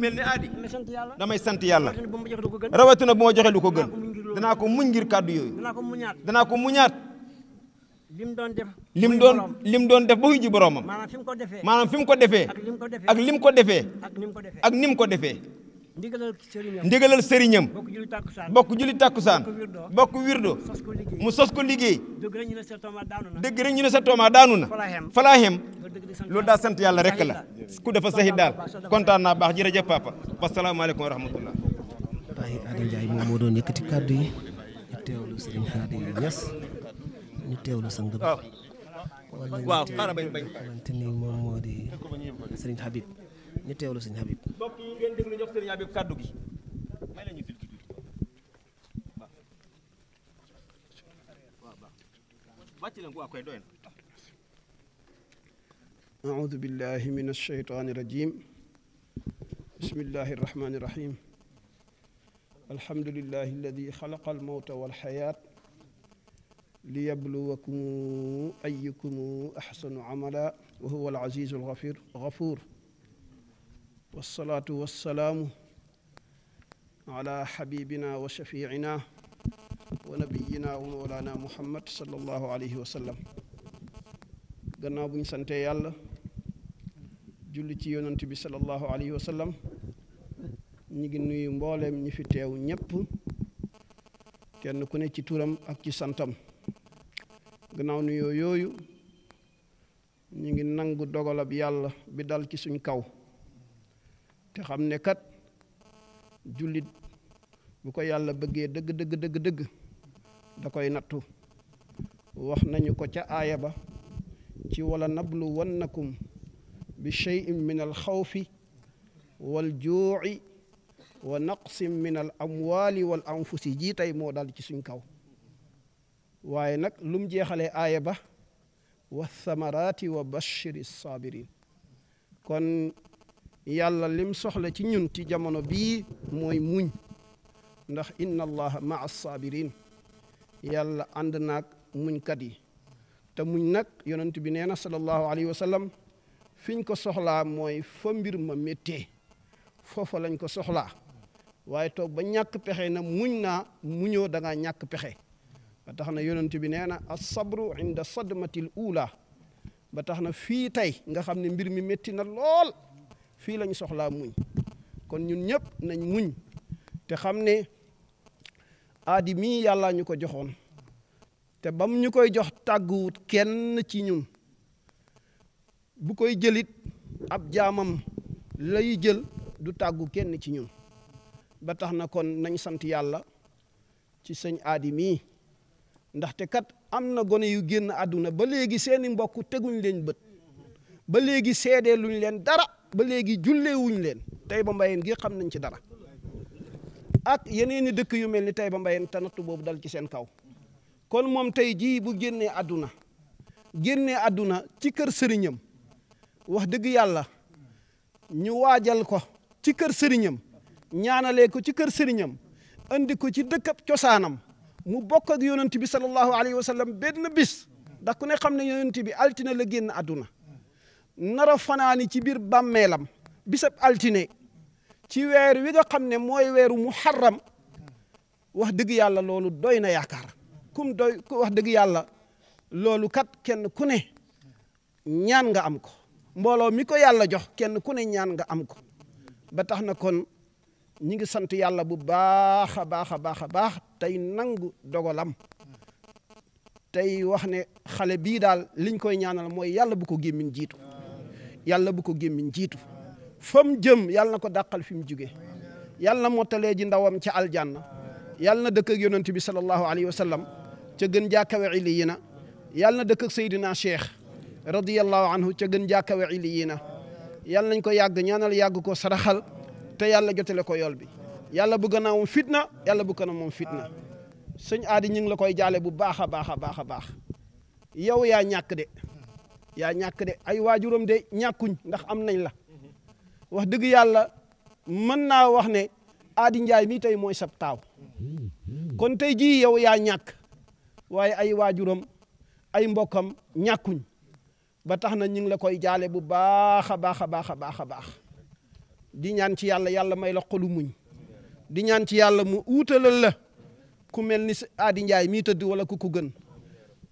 mel ni aadi damay sant yàlla rawatina bu ma joxe lu ko gën danaa ko muñ ngir kàddu yooyu danaa ko muñaat lim doon def lim doon lim doon def ba ji boromam maanaam fi mu ko defee ak lim ko defee ak nim ko defee ak nim ko defee ndigalal sëriñam bokk julli tàkkusaan bokk wirdo mu sos ko liggéey dëgg rek ñu ne sa tooma daanu na falaahem loolu daal sant yàlla rek la ku dafa saxi daal kontaan naa baax jërëjëf papa wasalaamaaleykum wa rahmatullah Baye Ada Ndiaye moom waaw xaaral bañ bañ xamante ni moom di sëriñ Habib نتيولو teewlu حبيب Habib. mbokk yi ngeen déglu jox sëñ Habib kàddu gi may la أعوذ بالله من الشيطان الرجيم بسم الله الرحمن الرحيم الحمد لله الذي خلق الموت والحياة ليبلوكم أيكم أحسن عملا وهو العزيز الغفور غفور والصلاة والسلام على حبيبنا وشفيعنا ونبينا ومولانا محمد صلى الله عليه وسلم gannaaw bu ñu santee yàlla julli ci yonant bi sallallahu alayhi wa sallam ñi ngi nuyu mbooleem ñi fi teew ñépp kenn ku ne ci turam ak ci santam gannaaw nuyoo yooyu ñu ngi nangu dogalab yàlla bi dal ci suñ kaw te xam ne kat jullit bu ko yàlla bëggee dëgg dëgg dëgg da koy nattu wax nañu ko ca aaya ba ci wala nabluwannakum bi cheyin min al xawfi wal juuci wa naqsim min al amwaali wal anfusi jii moo dal ci suñ kaw waaye nag lum jeexalee aaya ba wa thamaraati wa bashiri saabiriin kon يالا لم سوخلا تي نون تي جامونو بي موي موغ ندخ ان الله مع الصابرين يالا اندناك موغ كادي تا موغ ناك يونت بي نينا صلى الله عليه وسلم فين كو سوخلا موي فا مبير ما ميتي فوفا لا نكو سوخلا واي توك با نياك بخي نا موغ نا مونيو داغا نياك بخي ba tax na yonent bi neena as-sabru inda sadmati al-ula ba tax na fi tay nga xamne mbir mi metti na lol fii lañu soxlaa muñ kon ñun ñëpp nañ muñ te xam ne aadi mii yàlla ñu ko joxoon te bam ñu koy jox tàgguwut kenn ci ñun bu koy jëlit ab jaamam lay jël du tàggu kenn ci ñun ba tax na kon nañ sant yàlla ci sëñ aadi mii ndaxte kat am na gone yu génn àdduna ba léegi seeni mbokk teguñ leen bët ba léegi seedee luñ leen dara ba léegi julleewuñ leen Taïba Mbayeen gi xam nañ ci dara ak yeneen i dëkk yu mel ni Taïba Mbayeen tanattu boobu dal ci seen kaw kon moom tey jii bu génnee àdduna génnee àdduna ci kër sëriñam wax dëgg yàlla ñu waajal ko ci kër sëriñam ñaanalee ko ci kër sëriñam andi ko ci dëkkab cosaanam mu bokk ak yonent bi sallallahu alayhi wa sallam benn bis ndax ku ne xam ne yonent bi altine la génn àdduna nar a fanaani ci biir bàmmeelam bisab altine ci weer wi nga xam ne mooy weeru muharram wax dëgg yàlla loolu doy na yaakaar kum doy wax dëgg yàlla loolu kat kenn ku ne ñaan nga am ko mbooloo mi ko yàlla jox kenn ku ne ñaan nga am ko ba tax na kon ñi ngi sant yàlla bu baax a baax a baax a baax tey nangu dogalam tey wax ne xale bii daal liñ koy ñaanal mooy yàlla bu ko gémmiñ jiitu yàlla bu ko gemmi njitu fam jëm yàlla na ko dàqal fi yàlla na mottalee ji ndawam ci aljanna yàlla dëkk ak yonent bi sallallahu alayhi wa sallam gën jaakawe iliyina yàlla dëkk ak Seydina Cheikh radiyallahu anhu ci gën jaakawe iliyina yàlla nañ ko yag ñaanal yag ko saraxal te yàlla jotale ko yol bi yàlla bu gannaawam fitna yàlla bu kanam mom fitna sëñ adi ñing la koy jale bu baaxa baaxa baaxa baax yow ya ñak de yaa ñàkk de ay waajuram de ñàkkuñ ndax am nañ la wax dëgg yàlla mën naa wax ne Aadi Njaay mi tey mooy sab taaw kon tey jii yow yaa ñàkk waaye ay waajuram ay mbokkam ñàkkuñ ba tax na ñu ngi la koy jaale bu baax a baax a baax a baax a baax di ñaan ci yàlla yàlla may la xolu di ñaan ci yàlla mu uutalal la ku mel ni Aadi Njaay mii tëdd wala ku ko gën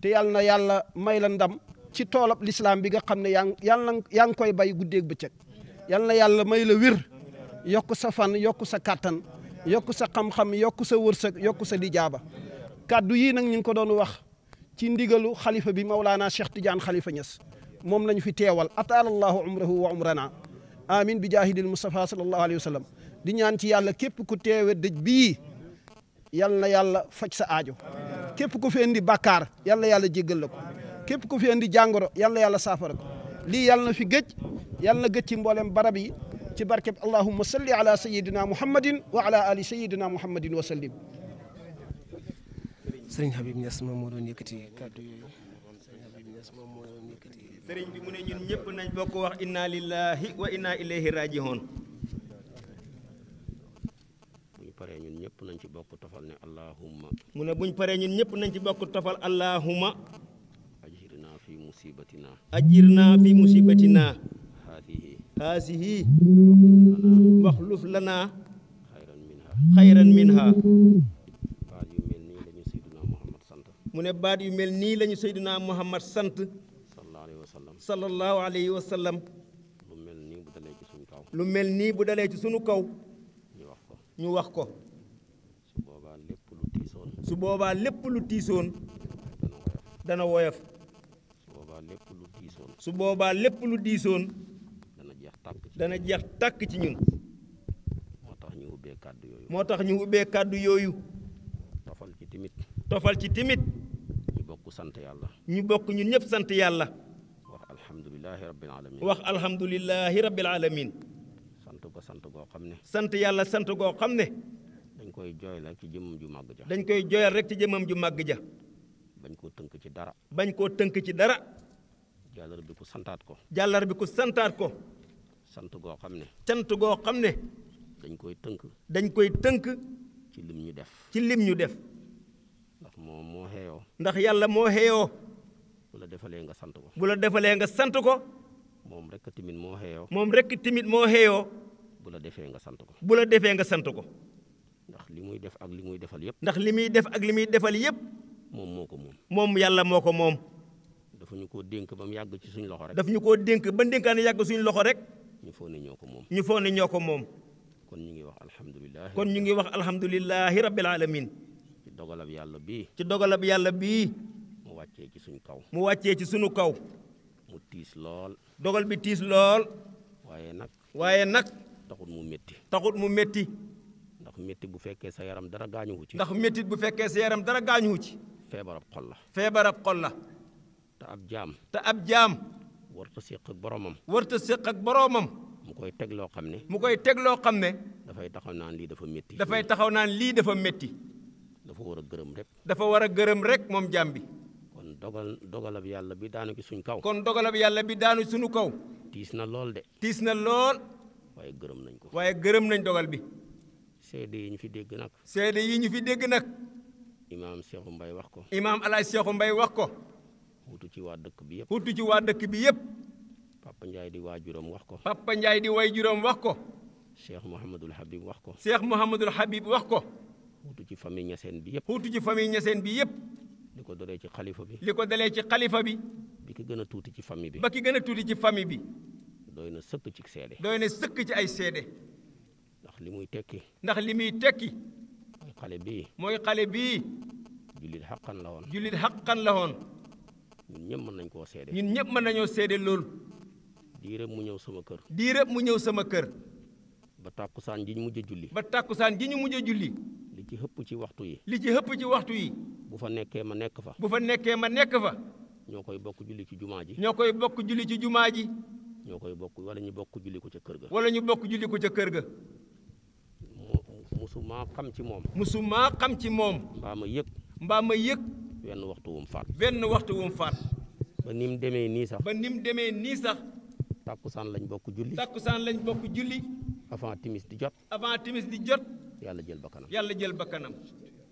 te yàlla na yàlla may la ndam ci toolab lislaam bi nga xam ne yaa yal yaa ngi koy bay guddeeg bëccëg yal na yàlla may la wér yokk sa fan yokk sa kattan yokk sa xam-xam yokk sa wërsëg yokk sa lijaaba kàddu yii nag ñu ngi ko doon wax ci ndigalu xalifa bi Maulana Cheikh Tidiane xalifa Niass moom lañu fi teewal ataala allahu umrahu wa umrana amin bi jaahidil Mustafa sallallahu alayhi wa sallam di ñaan ci yàlla képp ku teewe dëj bii yal na yàlla faj sa aajo képp ku fi indi bàkkaar yal na yàlla jéggal la ko képp ko fi andi jàngoro yàlla yàlla saafara ko lii yàlla na fi gëj yàlla na ci mboolem barab yi ci barkeb allahumma salli ala sayyidina muhammadin wa ala ali sayyidina muhammadin wa sallim. Serigne Habib Niass moom moo doon yëkkati kàddu yooyu ñëpp nañ musiibatina na fi musiibatina haasihi waxluf lana xayran minha mu ne baat yu mel nii lañu seyduna muhammad sant sallallahu alayhi wa sallam lu mel nii bu dalee ci sunu kaw ñu wax ko su boobaa lépp lu tiisoon dana woyof su boba lepp lu diisoon dana jeex tak dana jeex tak ci ñun motax ñu ubbe kaddu yoyu motax ñu ubbe kaddu yoyu tofal ci timit tofal ci timit ñu bokku sante yalla ñu bokku ñun ñëpp sante yalla wax rabbil alamin wax alhamdulilahi rabbil alamin sante ko sante go xamne sante yalla sante joya xamne dañ koy joy la ci jëmam ju magga ja dañ koy joyal rek ci jëmam ju magga bañ ko teunk ci dara bañ ko teunk ci dara jàllar bi ku santaat ko. jàllar bi ku santaat ko. sant goo xam ne. sant goo xam ne. dañ koy tënk. dañ koy tënk. ci lim ñu def. ci lim ñu def. ndax moom moo xeeyoo. ndax yàlla moo xeeyoo. bu la defalee nga sant ko. bu la defalee nga sant ko. moom rek tamit moo xeeyoo. moom rek tamit moo xeeyoo. bu la defee nga sant ko. bu defee nga sant ko. ndax li muy def ak li muy defal yëpp. ndax li muy def ak li muy defal yëpp. moom moo ko moom. moom yàlla moo ko moom. dafa ñu ko dénk ba mu yàgg ci suñ loxo rek daf ñu koo dénk ba ndénkaane yàgg suñ loxo rek ñu foog ne ñoo ko moom ñu foog ne ñoo ko moom kon ñu ngi wax alhamdulilah kon ñu ngi wax alhamdulilahi rabbil alamin ci dogalab yàlla bii ci dogalab yàlla bii mu wàccee ci suñ kaw mu wàccee ci suñu kaw mu tiis lool dogal bi tiis lool waaye nag waaye nag taxut mu métti taxut mu métti ndax métti bu fekkee sa yaram dara gaañuwu ci ndax métti bu fekkee sa yaram dara ci feebarab xol la feebarab xol la ab jaam. te ab jaam. warta séq ak boromam. warta séq ak boromam. mu koy teg loo xam ne. mu koy teg loo xam ne. dafay taxaw naan lii dafa métti. dafay taxaw naan lii dafa métti. dafa war a gërëm rek. dafa war a gërëm rek moom jaam bi. kon dogal dogalab yàlla bi daanu ci suñ kaw. kon dogalab yàlla bi daanu suñu kaw. tiis na lool de. tiis na lool. waaye gërëm nañ ko. waaye gërëm nañ dogal bi. seede yi ñu fi dégg nag. seede yi ñu fi dégg nag. imaam Cheikhou Mbaye wax ko. imaam El Hadj Cheikhou Mbaye wax ko. wutu ci waa dëkk bi yëpp. wutu ci waa dëkk bi yëpp. Papa Ndiaye di waajuram wax ko. Papa Ndiaye di waajuram wax ko. Cheikh Mouhamadul Habib wax ko. Cheikh Mouhamadul Habib wax ko. wutu ci famille ñaseen bi yëpp. wutu ci famille ñaseen bi yëpp. li ko dalee ci xalifa bi. li ko dalee ci xalifa bi. bi gën a tuuti ci famille bi. ba gën a tuuti ci famille bi. doy na sëkk ci seede. doy na sëkk ci ay seede. ndax li muy tekki. ndax li muy tekki. mooy xale bii. mooy xale bi jullit xaqan la woon. jullit la woon. ñun ñëpp mën nañ koo seede. ñun ñëpp mën nañoo seede loolu. diirëb mu ñëw sama kër. diirëb mu ñëw sama kër. ba tàkkusaan ji ñu mujj a julli. ba tàkkusaan ji ñu mujj a julli. li ci xëpp ci waxtu yi. li ci xëpp ci waxtu yi. bu fa nekkee ma nekk fa. bu fa nekkee ma nekk fa. ñoo koy bokk julli ci jumaa ji. ñoo koy bokk julli ci jumaa ji. ñoo koy bokk wala ñu bokk julli ko ca kër ga. wala ñu bokk julli ko ca kër ga. mu musuma xam ci moom. maa xam ci moom. mbaa ma yëg. mbaa ma wenn waxtu wum faat wenn waxtu wum faat ba ni mu demee nii sax ba ni mu demee nii sax tàkkusaan lañ bokk julli tàkkusaan lañ bokk julli avant timis di jot avant timis di jot yàlla jël bakkanam yàlla jël bakkanam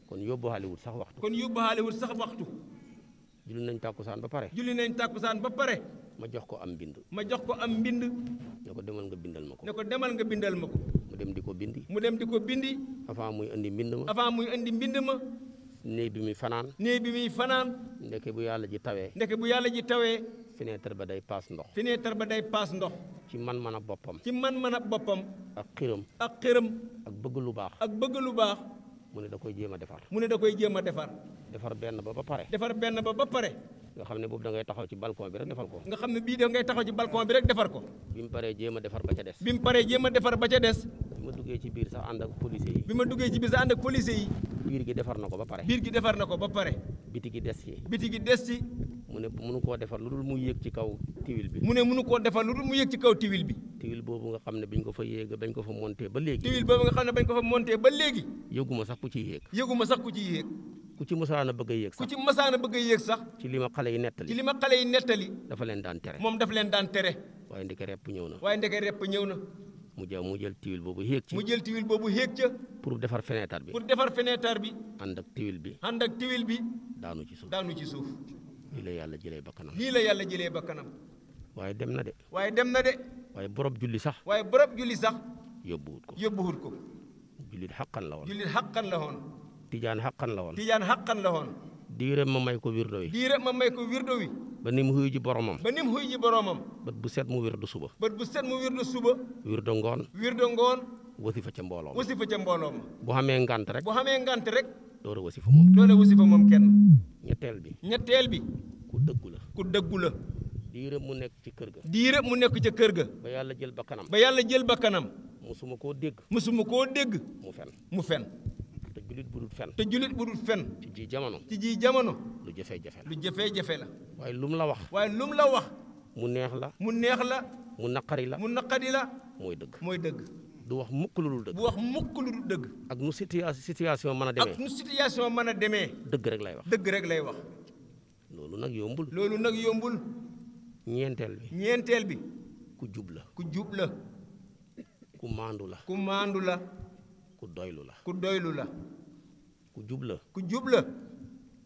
kon yóbbuwaale wut sax waxtu kon yóbbuwaale wut sax waxtu julli nañ tàkkusaan ba pare julli nañ tàkkusaan ba pare ma jox ko am mbind ma jox ko am mbind ne demal nga bindal ma ko ne demal nga bindal ma ko mu dem di ko bindi mu dem di ko bindi avant muy indi muy indi mbind ma néeg bi muy fanaan. néeg bi muy fanaan. ndeke bu yàlla ji tawee. ndeke bu yàlla ji tawee. fenêtre ba day paas ndox. fenêtre ba day paas ndox. ci man man a boppam. ci man man a boppam. ak xiram. ak xiram. ak bëgg lu baax. ak bëgg lu baax. mu ne da koy jéem a defar. mu ne da koy jéem a defar. defar benn ba ba pare. defar benn ba ba pare. nga xam ne boobu da ngay taxaw ci balcon bi rek defar ko. nga xam ne bii da ngay taxaw ci balcon bi rek defar ko. bi mu paree jéem a defar ba ca des. bi mu paree jéem a defar ba ca des. bi ma duggee ci biir sax ànd ak policiers yi. bi ma duggee ci biir sax ànd ak policiers yi. biir gi defar na ko ba pare. biir gi defar na ko ba pare. biti gi des ci. biti gi des ci. mu ne munu koo defar lu dul mu yëg ci kaw tiwil bi mu ne munu koo defar lu dul mu yëg ci kaw tiwil bi tiwil boobu nga xam ne bañ ko fa yéeg bañ ko fa monté ba léegi tiwil boobu nga xam ne bañ ko fa monté ba léegi yëguma sax ku ci yéeg yëguma sax ku ci yéeg ku ci mësaan a bëgg a yéeg sax ku ci mësaan a bëgg a yéeg sax ci li ma xale yi nettali ci li ma xale yi nettali dafa leen daan tere moom dafa leen daan tere waaye ndeke repp ñëw na waaye ndeke repp ñëw na mu jël mu jël tiwil boobu yéeg ci mu jël tiwil boobu yéeg ca pour defar fenêtre bi pour defar fenêtre bi ànd ak tiwil bi ànd ak tiwil bi daanu ci suuf daanu ci suuf lii la yàlla jëlee bakkanam lii la yàlla jëlee bakkanam waaye dem na de waaye dem na de waaye borob julli sax waaye borob julli sax yóbbuwut ko yóbbuwut ko jullit xaqan la woon jullit xaqan la woon tijan hakkan la woon hakkan xaqan la woon diireem ma may ko wirdo wi diireem ma may ko wirdo wi ba ni mu ji boromam ba ni ji boromam bët bu set mu wirdu suba bët bu set mu wirdu suba wirdu ngoon wirdu ngoon wasifa ca mbooloo wasifa ca mbooloo bu xame ngant rek bu xame ngant rek doora wasifa moom doora wasifa mom kenn ñettel bi ñettel bi ku deggu la ku deggu la diire mu nek ci kër ga diire mu nek ci kër ga ba yalla jël bakanam ba yalla jël bakanam musuma deg mu fen mu fen jullit bu dul fen te jullit fen ci jamono ci ji jamono lu jafe-jafe lu jafe-jafe la waaye lu la wax waaye lu la wax mu neex la mu neex la mu naqari la mu naqari la mooy dëgg mooy dëgg du wax mukk lu dul wax mukk dëgg. ak nu situation mën a demee. ak mën a demee. dëgg rek lay wax. dëgg rek lay wax. loolu nag yombul. loolu nag yombul. ñeenteel bi. ñeenteel bi. ku jubla ku jub la. ku maandu la. ku maandu la. ku doylu la. ku doylu la. ku jubla ku jubla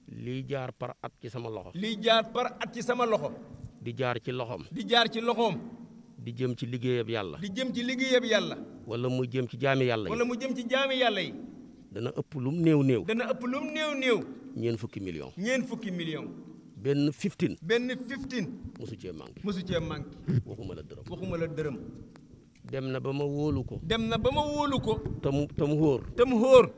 li jaar par at ci sama loxo li jaar par at ci sama loxo di jaar ci loxom di jaar ci loxom di jëm ci liggéeyab yàlla di jëm ci liggéeyab yàlla wala mu jëm ci jaami yàlla wala mu jëm ci jaami yàlla yi dana ëpp lum néew néew dana ëpp lum néew néew ñeen fukki million ñeen fukki million ben 15 ben 15 musu ci manqué musu ci manqué waxuma la deureum waxuma la deureum dem na ba ma wóolu ko dem na ba ma wóolu ko tam tam hor tam hor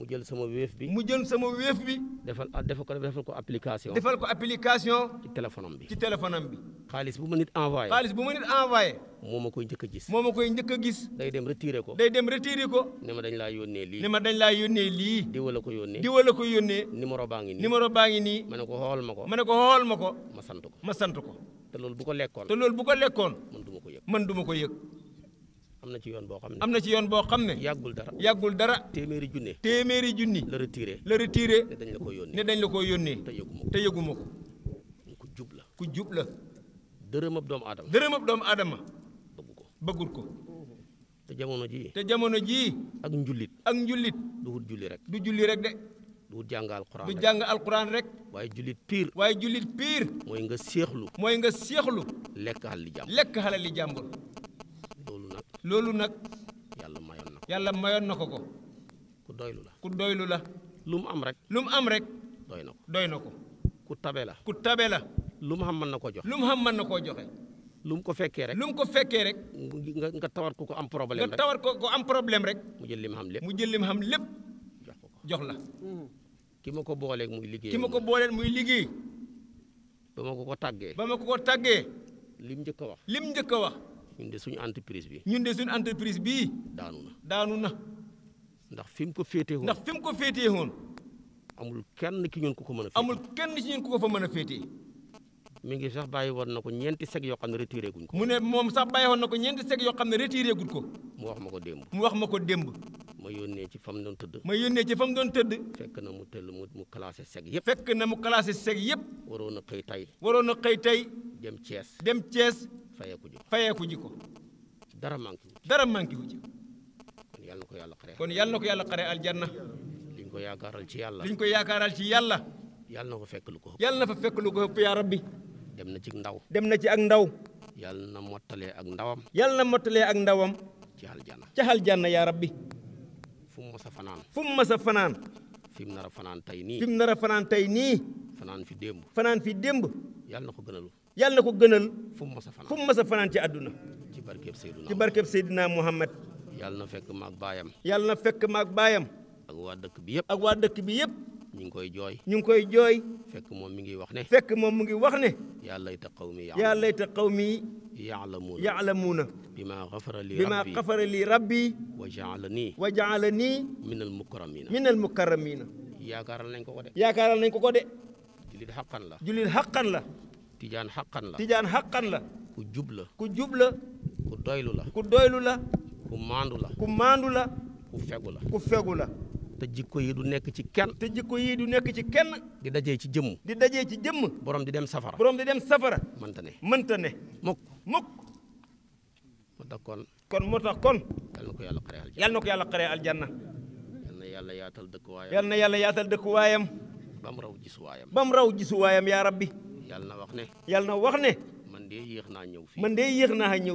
mu jël sama wéef bi. mu jël sama wéef bi. defal defal ko defal ko application. defal ko application. ci téléphone bi ci téléphone xaalis bu ma nit envoyé. xaalis bu ma nit moo ma ko njëkk a gis. moo ma koy njëkk a gis. day dem retiré ko. day dem retiré ko. ne ma dañ laa yónnee lii. ne ma dañ laa yónnee lii. diwa la ko yónnee. diwa la ko yónnee. numéro baa ngi nii. baa ngi nii. ma ne ko xool ma ko. ma ne ko xool ma ko. ma sant ko ma sant ko. te loolu bu ko lekkoon. te loolu bu ko lekkoon. man ma ko yëg. man du ma ko yëg. am na ci yoon boo xam ne am na ci yoon boo xam ne yàggul dara yàggul dara téeméeri junne téeméeri junni la retiré la retiré ne dañ la ko yónnee ne dañ la ko yónnee te yëguma ko te ku jubla ku jub la dërëm ab doomu aadama dërëm ab doomu aadama bëggu ko bëggul ko te jamono ji te jamono ji ak njullit ak njullit du julli rek du julli rek de du jàng alquran du rek waaye jullit piir waaye jullit piir mooy nga séexlu mooy nga séexlu lekk xalali jàmbur jàmbur loolu nag yàlla mayoon na ko mayoon na ko ko ku doylu la ku doylu la lu mu am rek lu mu am rek doy na ko doy na ko ku tabee la ku tabe la lu mu xam mën na koo joxe lu mu xam mën na koo joxe lu ko fekkee rek lu mu ko fekkee rek nga nga tawar ko ko am problème rek nga tawar ko am problème rek mu jël li mu xam lépp mu jël li mu xam lépp jox la mm. ki ma ko booleeg muy liggéey ki ma ko booleeg muy liggéey ba ma ko ko tàggee ba ma ko ko tàggee lim njëkk a wax lim njëkk a wax ñun de suñu entreprise bi. ñun de suñu entreprise bii. daanu na daanu na. ndax fi mu ko féetee woon ndax fi mu ko féetee woon. amul kenn ki ñun ku ko mën a. amul kenn ci ñun ku ko fa mën a féetee. mi ngi sax bàyyi woon na ko ñeenti seg yoo xam ne retiré guñ ko. mu ne moom sax bàyyi woon na ko ñeenti seg yoo xam ne retiré guñ ko. mu wax ma ko démb. mu wax ma ko démb. ma yónnee ci fa mu doon tëdd. ma yónnee ci fa mu doon tëdd. fekk na mu tëll mu mu classé seg fekk na mu classé seg yëpp. waroon na xëy tey. waroon na xëy tey. dem cees dem Thiès. Faya kujiko, fayeeku ji ko dara manki dara manki wu ji kon yàlla na ko yàlla xare kon yàlla na ko yàlla xare aljanna liñ ko yaakaaral ci liñ ko yaakaaral ci yàlla yàlla na fekk lu ko yàlla na fekk lu ko ëpp rabbi dem na ci ndaw dem na ci ak ndaw yàlla na mottalee ak ndawam na ak ndawam ci aljanna ci aljanna rabbi fu mu masa fanaan fu mu masa fanaan fi nara nar a fanaan tey nii fi fanaan fanaan fi fanaan fi démb yàlla na يالنا كو گنل فم مسفنان فم مسفنان تي ادنا تي بركيب سيدنا تي بركيب سيدنا محمد يالنا فك ماك بايام يالنا فك ماك بايام اك وا دك بي ييب اك وا دك بي ييب ني نكوي جوي ني نكوي جوي فك موم ميغي واخني فك موم ميغي واخني يا ليت قومي يا ليت قومي يعلمون يعلمون بما غفر لي بما ربي بما غفر لي ربي وجعلني وجعلني من المكرمين من المكرمين يا كارل نكو كو دي يا كارل نكو كو دي جليل حقا لا جليل حقا لا tijan hakkan la tijan hakkan la ku jub la ku jub la ku doylu la ku doylu la ku mandu la ku mandu la ku fegu la ku fegu la te jikko yi du nek ci kenn te jikko yi du nek ci kenn di dajee ci jëm di dajee ci jëm borom di dem safara borom di dem safara man tane man tane mok mok moo kon kon moo tax kon yalla na ko yàlla xaree aljanna yal na ko yàlla aljanna yaatal dëkkuwaayam yal yalla yàlla yaatal wayam bam raw wayam bam raw wayam ya rabbi yalna na wax ne yàlla na wax ne man de yéex naa ñëw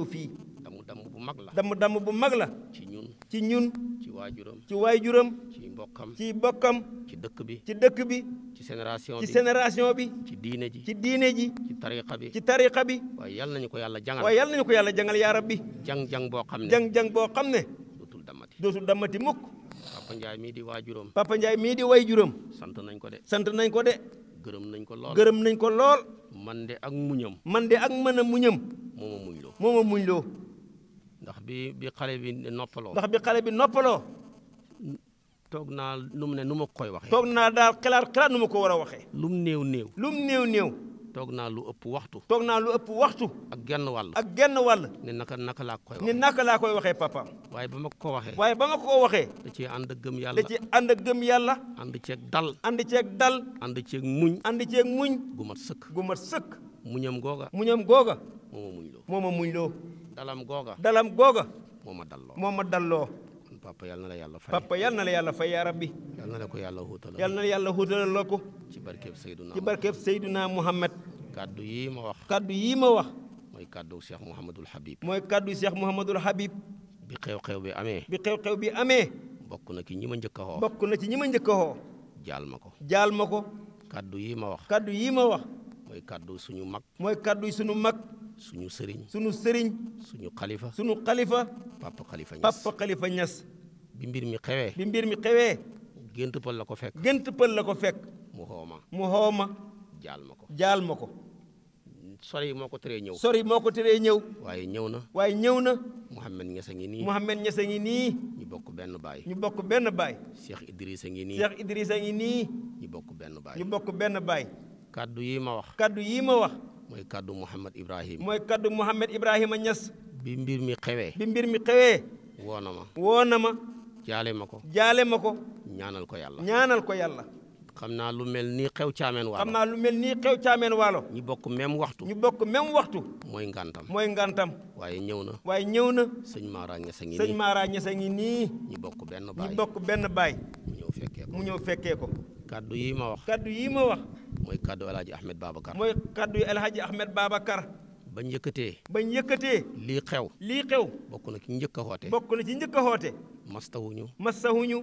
fii man de damu damm bu mag la damm damm bu mag la ci ñun ci ñun ci waajuram ci koyalla ci mbokkam ci mbokkam ci dekk bi ci dekk bi ci génération bi ci génération bi ci diine ji ci diine ji ci tariqa bi ci tariqa bi waaye yàlla nañ ko yalla jangal waaye yàlla nañ ko yalla jangal ya rabbi jang jang bo xamne jang jang bo xamne dotul damati dotul damati mukk papa njaay mi di waajuram papa njaay mi di waajuram sant nañ ko de sant nañ ko de gërëm nañ ko lool gërëm nañ ko lool. man de ak muñam. man de ak mën a muñam. mooma muñ loo mooma muñ loo. ndax bi bi xale bi noppaloo. ndax bi xale bi noppaloo. toog naa lu mu ne nu ma koy waxee. toog naa daal xelaat xelaat nu ma ko war a waxee. lum néew néew. lum néew néew. toog naa lu ëpp waxtu. toog naa lu ëpp waxtu. ak genn wàll. ak genn wàll. ni naka naka laa koy waxee. ni naka laa koy waxee papa. waaye ba ma ko waxee. waaye ba ma ko waxee. da ci ànd gëm yàlla. da ci ànd ak gëm yàlla. ànd dal. ànd ceeg dal. ànd ceeg muñ. ànd ceeg muñ. gu mat sëkk. gu mat sëkk. muñam googa. muñam googa. moo ma muñ loo. moo ma muñ loo. dalam googa. dalam googa. moo ma dalloo. moo ma dalloo. papa yalla na la Yalla fay papa yalla na la yalla fay ya rabbi yalla na la ko yalla hutal yalla na la ci barke sayyiduna ci barke sayyiduna Muhammad kaddu yi ma wax kaddu yi ma wax moy kaddu Cheikh Habib moy kaddu Cheikh muhammadul Habib bi xew-xew bi amé bi xew-xew bi amé bokku na ci ñima ñëk bokku na ci ñima ñëk jaal mako ko jaal mako ko kaddu yi ma wax kaddu yi ma wax moy kaddu suñu mag moy kaddu suñu mag suñu serigne suñu serigne suñu khalifa suñu khalifa papa khalifa ñass papa khalifa ñass bi mbir mi xewee. bi mbir mi xewee. gént pël la ko fekk. gént pël la ko fekk. mu xoo ma. mu xoo ma. jaal ma ko jaal ma ko. sori moo ko teree ñëw. sori moo ko teree ñëw. waaye ñëw na. waaye ñëw na. Mouhamed Niass a ngi nii. Mouhamed Niass a ngi nii. ñu bokk benn baay. ñu bokk benn baay. Cheikh Idrissa ngi nii. Cheikh Idrissa ngi nii. ñu bokk benn baay. ñu bokk benn baay. kaddu yii ma wax. kaddu yii ma wax. mooy kaddu Mouhamed Ibrahima. mooy kaddu Mouhamed Ibrahima Niass. bi mbir mi xewee. bi mbir mi xewee. woo ma. woo na ma. jaale ma ko jaale ma ko ñaanal ko yàlla ñaanal ko yàlla xam naa lu mel nii xew caameen waalo xam naa lu mel nii xew caameen waalo ñu bokk même waxtu ñu bokk même waxtu mooy ngantam mooy ngantam waaye ñëw na waaye ñëw na sëñ Maara Ñas a ngi nii sëñ Maara Ñas a nii ñu bokk benn baay ñu benn baay mu ñëw fekkee ko mu ñëw fekkee ko kaddu yi ma wax kaddu yii ma wax mooy kaddu El Hadj Ahmed Babacar mooy kaddu El Ahmed Babacar bañ yëkkatee bañ yëkkatee lii xew lii xew bokk na ci njëkk a xoote bokk na ci njëkk a xoote mastawuñu mastawuñu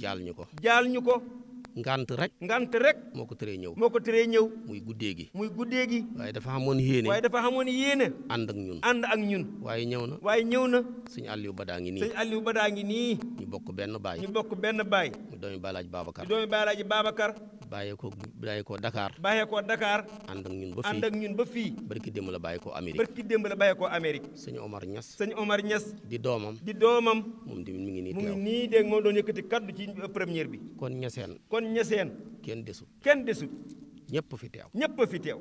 jaal ñu ko jaal ñu ko ngant rek ngant rek moo ko tëree ñëw moo ko tëree ñëw muy guddee gi muy guddee gi waaye dafa xamoon yéene waaye dafa xamoon yéene ànd ak ñun ànd ak ñun waaye ñëw na waaye ñëw na sëñ Aliou Badaa ngi nii sëñ Aliou ngi nii ñu bokk benn baay ñu bokk benn baay mu doomi Balaaji Babacar mu doomi Balaaji Babacar bàyyee ko bàyyee ko Dakar bàyyee ko Dakar ànd ak ñun ba fii ànd ñun ba fii barki démb la bàyyee ko Amérique barki démb la bàyyee ko Amérique sëñ Omar Niass sëñ Omar Niass di doomam di doomam moom tamit mi ngi nii teew mu nii dégg moom doon yëkkati kaddu ci première bi kon Niassène woon ñeseen kenn desut kenn desut ñëpp fi teew ñëpp fi teew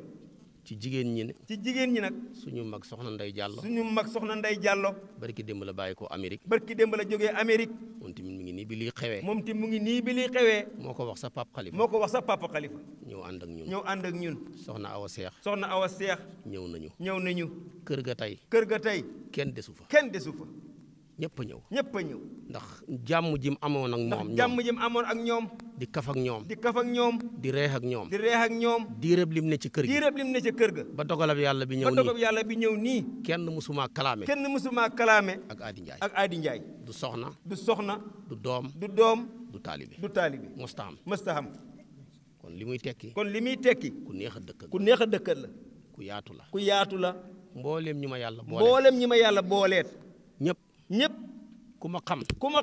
ci jigéen ñi ne ci jigéen ñi nag suñu mag soxna nday jàllo suñu mag soxna nday jàllo barki démb la bàyyi ko Amérique barki démb la jógee Amérique moom tamit mu ngi nii bi liy xewee moom tamit mu ngi nii bi liy xewee moo ko wax sa pap xalifa moo ko wax sa pap xalifa ñëw ànd ak ñun ñëw ànd ak ñun soxna awa seex soxna awa seex ñëw nañu ñëw nañu kër ga tey kër ga tey kenn desu fa kenn fa ñëpp a ñëw ñëpp a ñëw ndax jàmm ji mu amoon ak moom jàmm ji mu amoon ak ñoom di kaf ak ñoom di kaf ak ñoom di reex ak ñoom di reex ak ñoom diirëb lim ne ci kër gi diirëb lim ne ci kër ga ba dogalab yàlla bi ñëw nii ba dogalab yàlla bi ñëw nii kenn musumaa kalaame kenn musumaa kalaame ak Adi Ndiaye ak Adi Ndiaye du soxna du soxna du doom du doom du taalibe du taalibe mustaham mustaham kon li muy tekki kon li muy tekki ku neex a dëkkal ku neex a dëkkal la ku yaatu la ku yaatu la mbooleem ñi ma yàlla booleet mbooleem ñi ma yàlla booleet ñëpp ñëpp ku ma xam ku ma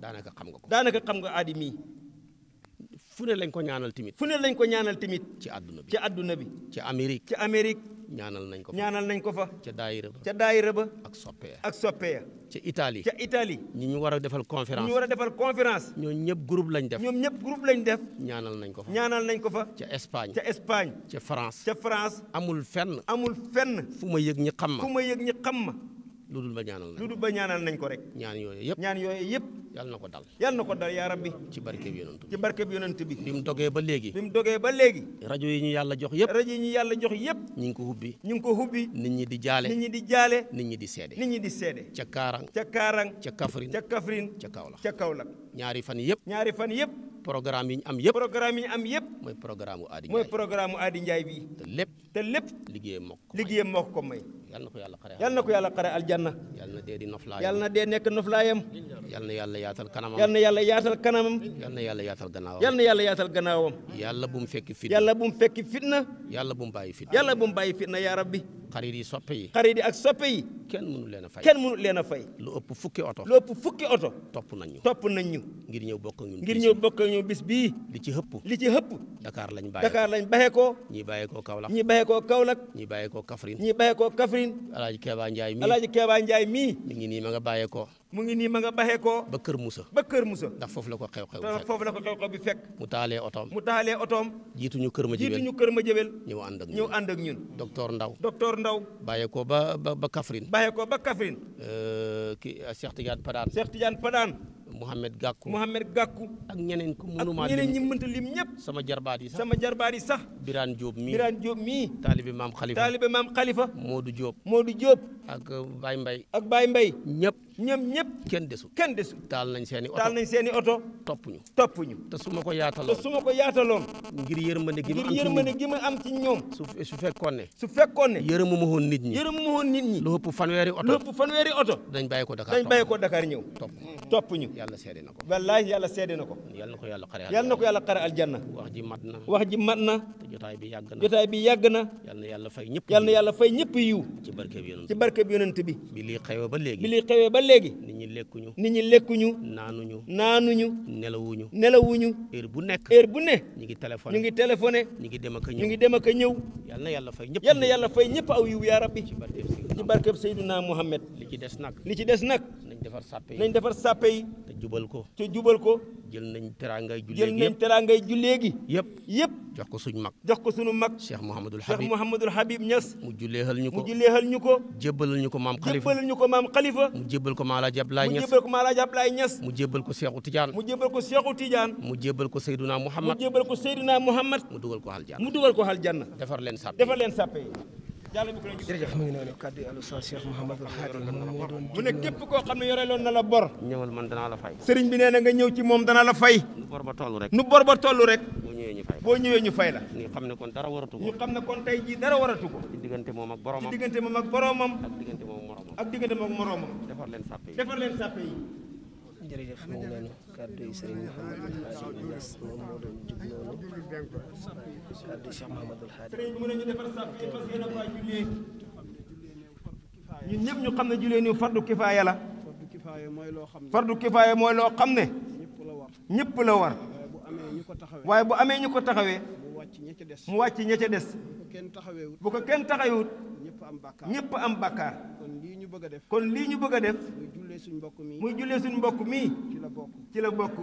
daanaka xam nga ko daanaka xam nga aadi mii fu lañ ko ñaanal tamit fu ne lañ ko ñaanal tamit ci àdduna bi ci àdduna bi ci Amérique Amérique ñaanal nañ ko fa nañ ko fa ca daayira ba ca daayira ba ak soppe ak soppe ya ca Italie ca Italie ñi ñu war a defal conférence war a defal conférence ñoom ñëpp groupe lañ def ñoom ñëpp groupe lañ def ñaanal nañ ko fa nañ ko fa ca Espagne ca Espagne ca France ca France amul fenn amul fenn fu ma yëg ñi xam ma fu ma yëg xam ma lu dul ba ñaanal nañ lu ba ñaanal nañ ko rek. ñaan yooyu yëpp ñaan yooyu yëpp. yàlla na ko dal yàlla na ko dal yaa rabbi. ci barkeb yonent bi ci barkeb yonent bi. bi mu dogee ba léegi. bi mu dogee ba léegi. rajo yi ñu yàlla jox yëpp. rajo yi ñu yàlla jox yëpp. ñu ngi ko hubbi. ñu ngi ko hubbi. nit ñi di jaale. nit ñi di jaale. nit ñi di seede. nit ñi di seede. ca Kaarang. ca Kaarang. ca Kaffrine. ca Kaffrine ca Kaolack ca Kaolack. ñaari fan yëpp ñaari fan yëpp programme yi ñu am yëpp programme yi ñu am yëpp mooy programme u Adi Ndiaye mooy programme u lépp te lépp liggéeyam moo ko moo ko may yal na ko yàlla xare na ko yàlla xare aljanna yal na dee di noflaayam yal nekk noflaayam yal yàlla yaatal kanamam yal na yàlla yaatal kanamam yal na yàlla yaatal gannaawam yal na yàlla yaatal gannaawam yàlla bu mu fekki fitna yàlla bu mu fitna yàlla bu mu bàyyi fitna yàlla bu mu bàyyi fitna yaa xarit yi soppe yi xarit yi ak soppe kenn mënu leen a fay kenn mënu leen a fay lu ëpp fukki oto lu ëpp fukki oto topp na ñu topp nañ ñu ngir ñëw bokk ñu ngir ñëw bokk ñun bis bii li ci hëpp li ci hëpp dakaar lañ bàyyi Dakar lañ bàyyi ko ñi bàyyi ko Kaolack ñi bàyyi ko Kaolack ñi bàyyi ko Kaffrine ñi bàyyi ko Kaffrine Alaaji Keeba Njaay mii mi ngi nii ma nga bàyyi mu ngi nii ma nga baxee ko ba Kër Moussa ba Kër Moussa ndax foofu la ko xew-xew bi foofu la ko xew bi fekk mu taalee otoom mu taalee otoom jiituñu kër ma jëbel jiituñu kër ma jëbel ñëw ànd ak ñëw ànd ak ñun docteur Ndaw docteur Ndaw bàyyee ko ba ba Kaffrine bàyyee ko ba Kaffrine euh, ki Cheikh Tidiane Padane ti Tidiane Padane Mouhamed Gakou Mouhamed Gakou ak ñeneen ku mënuma ak ñeneen ñi mënta lim ñëpp sama jarbaat yi sax sama jarbaat yi sax Birane Diop mii Birane Diop mii taalibe maam Khalifa taalibe maam Khalifa Modou Diop Modou Diop ak Baye Mbaye ak baay Mbaye ñëpp ñoom ñëpp kenn desul kenn desul taal nañ seen i oto taal nañ seen i oto topp ñu topp te su ma ko yaataloon te su ma ko yaataloon ngir yërmande gi ma am ngir yërmande gi ma am ci ñoom su su fekkoon ne su fekkoon ne yërëmuma woon nit ñi yërëmuma woon nit ñi lu ëpp fanweeri oto lu oto dañ bàyyi ko Dakar dañ bàyyi ko ñëw topp yàlla seede na ko wallaahi yàlla seede na ko yàlla na ko yàlla xare yàlla na ko yàlla xare aljanna wax ji mat na wax ji mat na te jotaay bi yàgg na jotaay bi yàgg na yàlla na yàlla fay ñëpp yàlla na yàlla fay ñëpp yiw ci barke bi yonent ci barke bi yonent bi bi lii xewee ba léegi bi lii xewee ba léegi nit ñi lekkuñu nit ñi lekkuñu naanuñu naanuñu nelawuñu nelawuñu heure bu nekk heure bu ne ñu ngi téléphoné ñu ngi téléphoné ñu ngi dem ak a ñëw ñu ngi dem ak a ñëw yàlla na yàlla fay ñëpp yàlla na yàlla fay ñëpp aw yiw yaa rabbi ci barkeb Seydina Muhammad li ci des nag li ci des nag nañ defar sàppe yi nañ defar sàppe yi te jubal ko te jubal ko jël nañ teraangay ju léegi jël nañ teraangay ju léegi yëpp yëpp jox ko suñ mag jox ko suñu mag Cheikh Mouhamadul Habib Cheikh Mouhamadul Habib Niass mu julleexal ñu ko mu julleexal ñu ko jébbalal ñu ko maam Khalifa jébbalal ñu ko maam Khalifa mu jébbal ko Maalaji Ablaye Niass mu jébbal ko Maalaji Ablaye Niass mu jébbal ko Cheikhou Tidiane mu jébbal ko Cheikhou Tidiane mu jébbal ko Seydouna Mouhamad mu jébbal ko Seydouna Mouhamad mu dugal ko aljanna mu dugal ko aljanna defar leen sàppe defar leen sàppe yi jërëjëf mu ngi noonu kaddu Aliou Sall Cheikh Mouhamadou Khadi moom moo doon bi nee na nga ñëw moom dana la fay nu bor ba toll rek nu bor rek boo ñëwee ñu fay boo ñëwee ñu fay la ñu xam ne kon dara waratu ko ñu xam ne kon tey jii dara waratu ko ci diggante moom ak boromam ci diggante moom ak boromam ak diggante moom ak moroomam defar leen sàppe yi defar leen sàppe yi jërëjëf mu kàddu yi Serigne Mouhamadou Hadi Niass moom moo doon jub noonu ñu xam ne julee nii fardu kifaaya la. fardu kifaaya mooy loo xam ne. fardu loo xam ne. la war. waaye bu amee ñu ko taxawee. wàcc ña ca des mu wàcc ña ca des kenn taxawewut bu ko kenn taxawewut ñëpp am bàkkaar ñëpp am bàkkaar kon lii ñu bëgg def kon lii ñu bëgg a def muy jullee suñ mbokk mi muy jullee suñ mbokk mii ci la bokk ci la bokk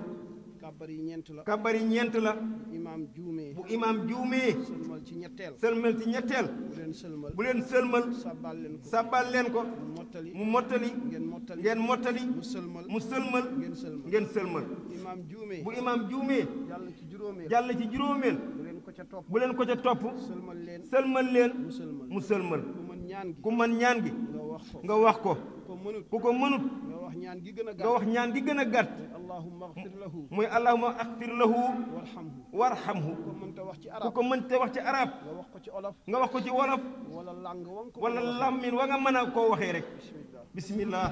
kàbbar yi ñeent la kàbbar bari ñeent la bu imaam juumee bu imaam juumee sëlmal ñetteel sëlmal ñetteel bu leen sëlmal bu leen sëlmal sàbbaal leen ko leen ko mu mottali mu mottali ngeen mottali ngeen mottali mu sëlmal mu sëlmal ngeen sëlmal ngeen sëlmal bu imaam juumee bu imaam juumee jàll ci juróomeel jàll ci juróomeel ca topp bu leen ko ca topp sëlmal leen sëlmal leen mu sëlmal ku mën ñaan gi nga wax ko ku ko mënut nga wax ñaan gi gën a nga wax ñaan gi gën a gàtt muy allahumma axfir lahu warhamhu ku ko mënta wax ci arab nga wax ko ci wolof wala làmmin wa nga mën a koo waxee rek bismillah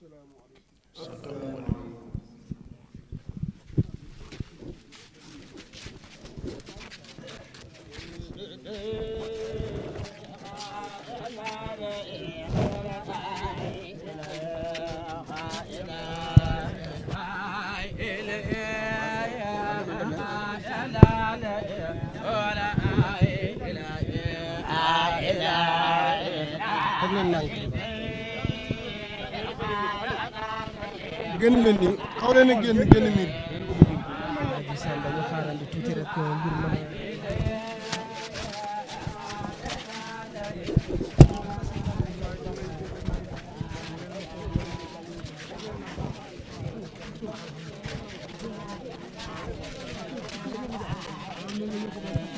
السلام عليكم génn nii xaw leen a génn génn miir bi sànn dañu xaarandi tuuti rek Thank you.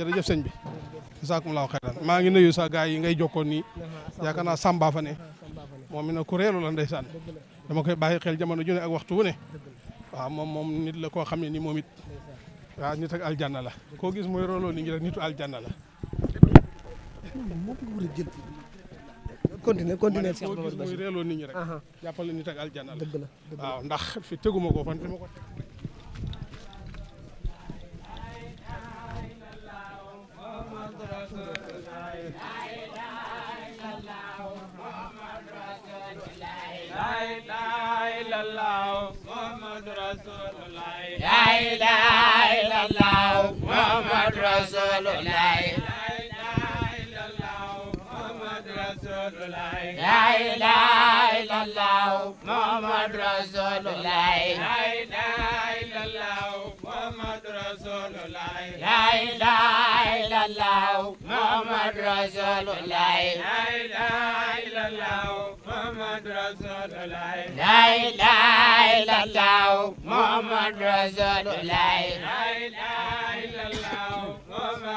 jërëjëf sëñ bi saakumulaaw xayran maa ngi nuyu sa gaay yi ngay jokkoon nii yaakaar naa Samba fa ne moom mi ku reelu la ndeysaan dama koy bàyyi xel jamono ju ne ak waxtu wu ne waaw moom moom nit la koo xam ne ni moom it waaw nit ak aljanna la koo gis mooy rooloo ni ngi rek nitu aljanna la continuer continuer koo muy reeloo nit ñi rek nit ak aljanna la waaw ndax fi teguma ko fan fi ko Rasulullah La ilaha illallah Muhammad Rasulullah La ilaha illallah Muhammad Rasulullah La ilaha illallah Muhammad Rasulullah La ilaha illallah Muhammad Rasulullah La ilaha illallah Muhammad Rasulullah La ilaha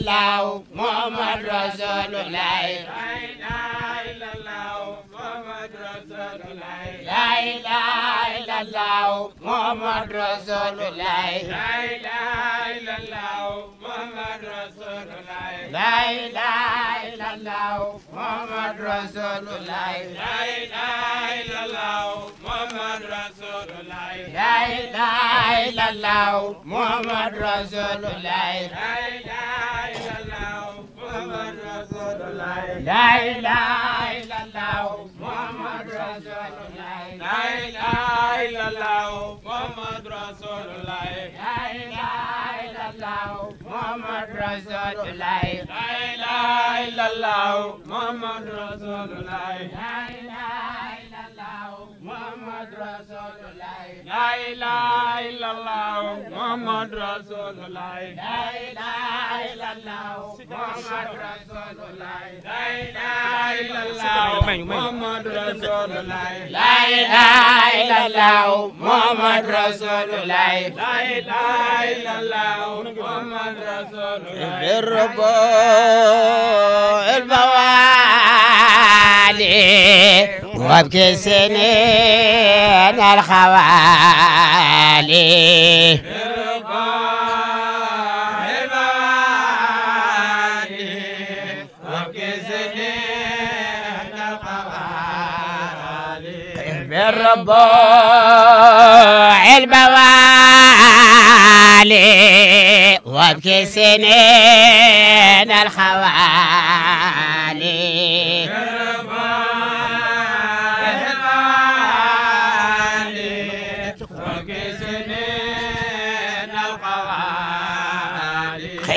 الله محمد رسول الله لا اله الا الله محمد رسول الله لا اله الا الله محمد رسول الله لا اله الا الله محمد رسول الله لا اله الا الله محمد رسول الله لا اله الا الله محمد رسول الله لا اله الا الله محمد رسول الله لا اله Muhammad Rasulullah la ilaha illallah Muhammad Rasulullah la ilaha illallah Muhammad Rasulullah la ilaha illallah Muhammad Rasulullah la ilaha illallah Muhammad Rasulullah محمد رسول الله لا اله الا الله محمد رسول الله لا اله الا الله محمد رسول الله لا اله الا الله محمد رسول الله لا اله الا الله محمد رسول الله لا اله الا الله محمد رسول الله الرب البواب لي وابكي سنين الخوالي بالربوع البوالي وابكي سنين الخوالي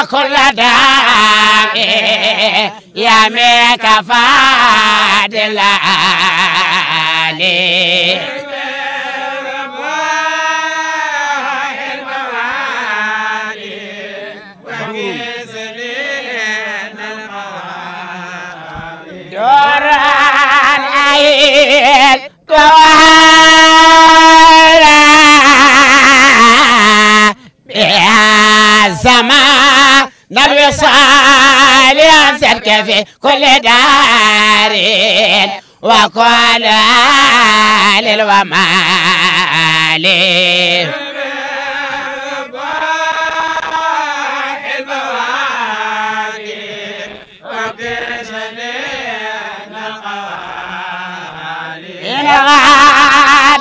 كل دام يا ميكا فادلالي Yeah. السماء للوصال ينسلك في كل دار وكل آل ومال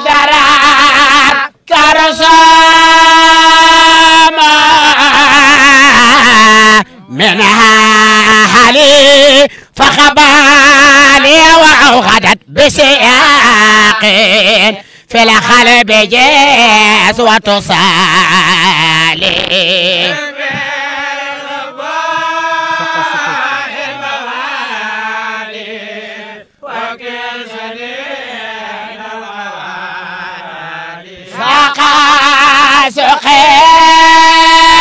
درات كرسان من حلي فخبالي وعوغدت بسياق في الخلب جيس وتصالي فقا سقي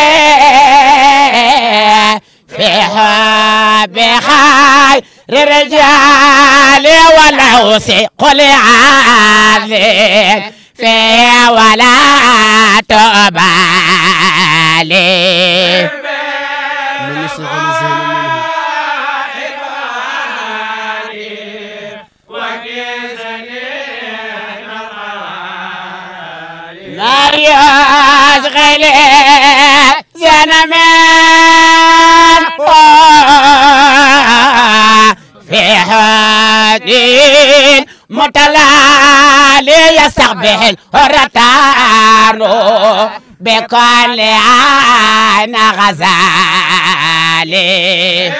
بخير الرجال ولو قل عالي في ولا تبالي من يصلح لا يزغل زنمي في حدين متلالي يستقبل الرتانو بكل أنا غزالي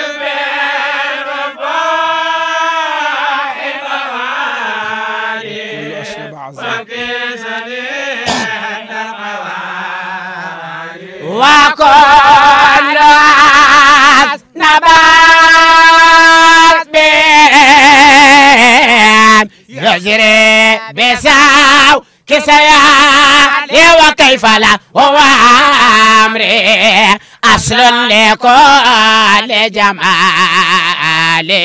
وكل baas been yajiri besaaw kisayaa yewa kayfala wa amri aslun le ko le jamaale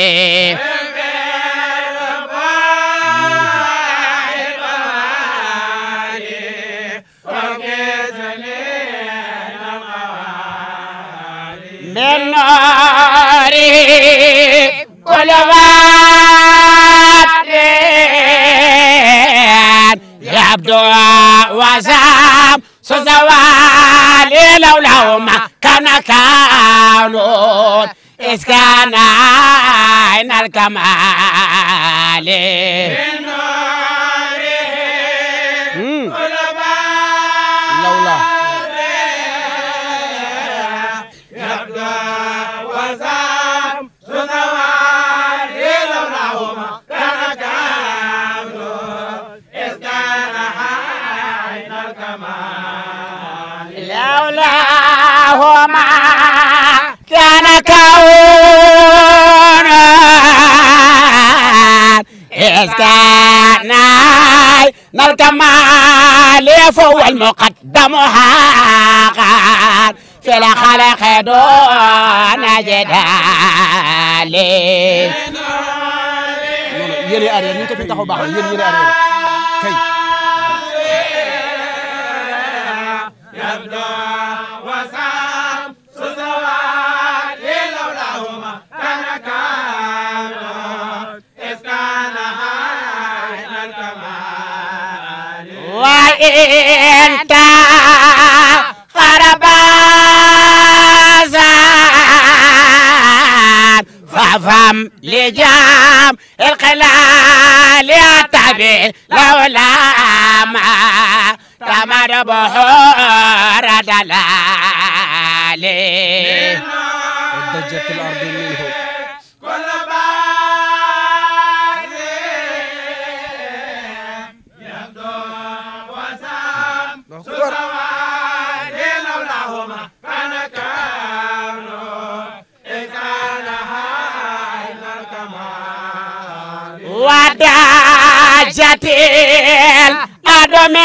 النار قلوات يبدو وزام سوزوالي لو لو ما كان كانون إذ كان عين الكمال لهما كان كونا إسكاناي الكمال فهو المقدم حقا في الخلق دون جدال يلي أريد يلي أريد كيف تحبها يلي أريد كيف انت خربازا ففهم لجام القلال يا تبي لولا ما تمر بحور دلالي دجت الارض منه دجة الأدم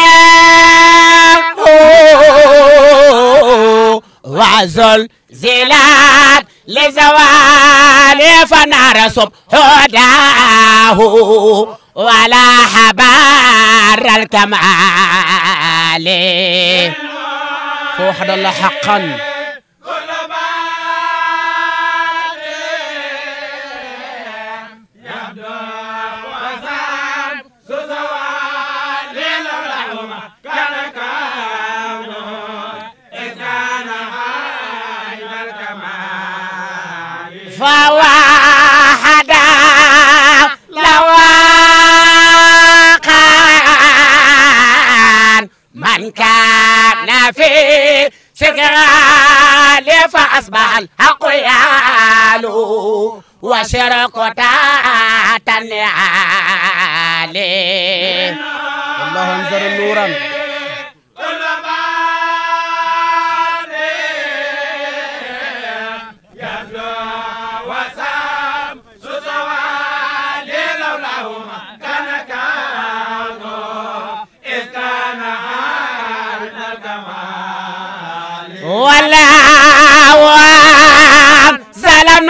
وزلزلت لزوال فنار صبح داه ولا حبار الكمال فوحد الله حقا فواحدا لواقا من كان في سكران فأصبح الحق يعلو وشرق تحت النعال اللهم زر نورا ولا سلام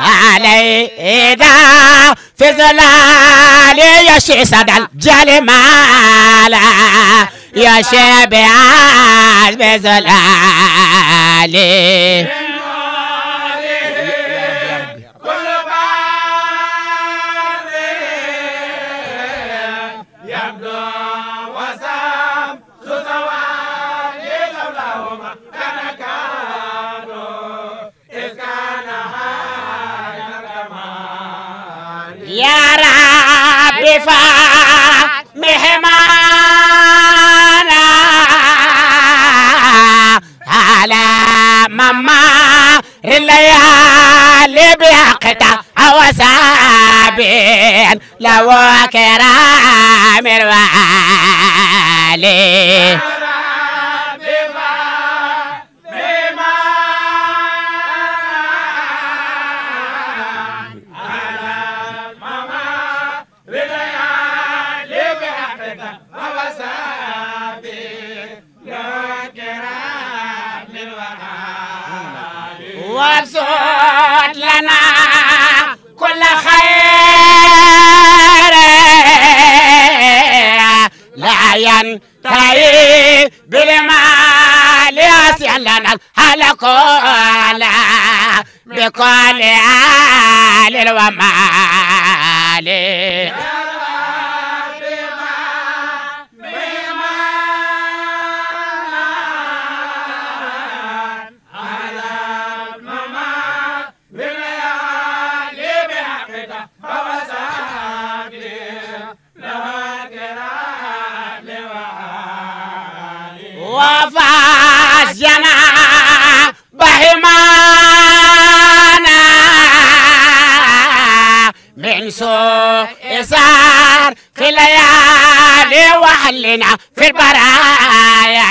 علي إذا في ظلال يشي صدى يا يشي بعز بظلال الوفاء مهمانا على ممار الليالي بأقتا وسابين لو كرام الوالي وابسط لنا كل خير لا ينتهي بالمال يصل لنا الهلكون بكل آل ومال وفاجنا من في ليالي وحلنا في البرايا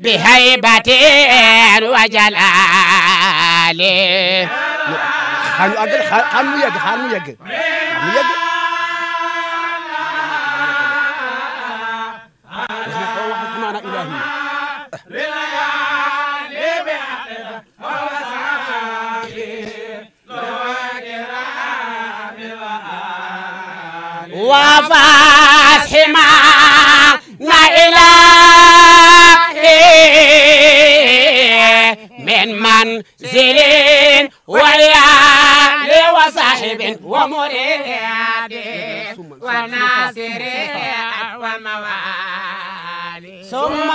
بهيبة وجلالي خلو يد خلو يد خلو يد وفاس حما لا إله من منزل ويال وصاحب ومريد وناصر وموالي ثم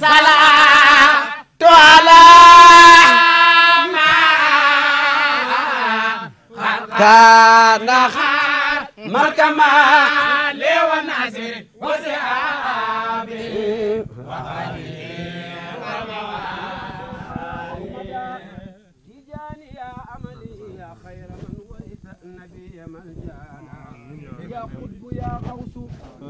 صلاة على كان والكمال والناصر وصحابه وآله يا قطب يا غوث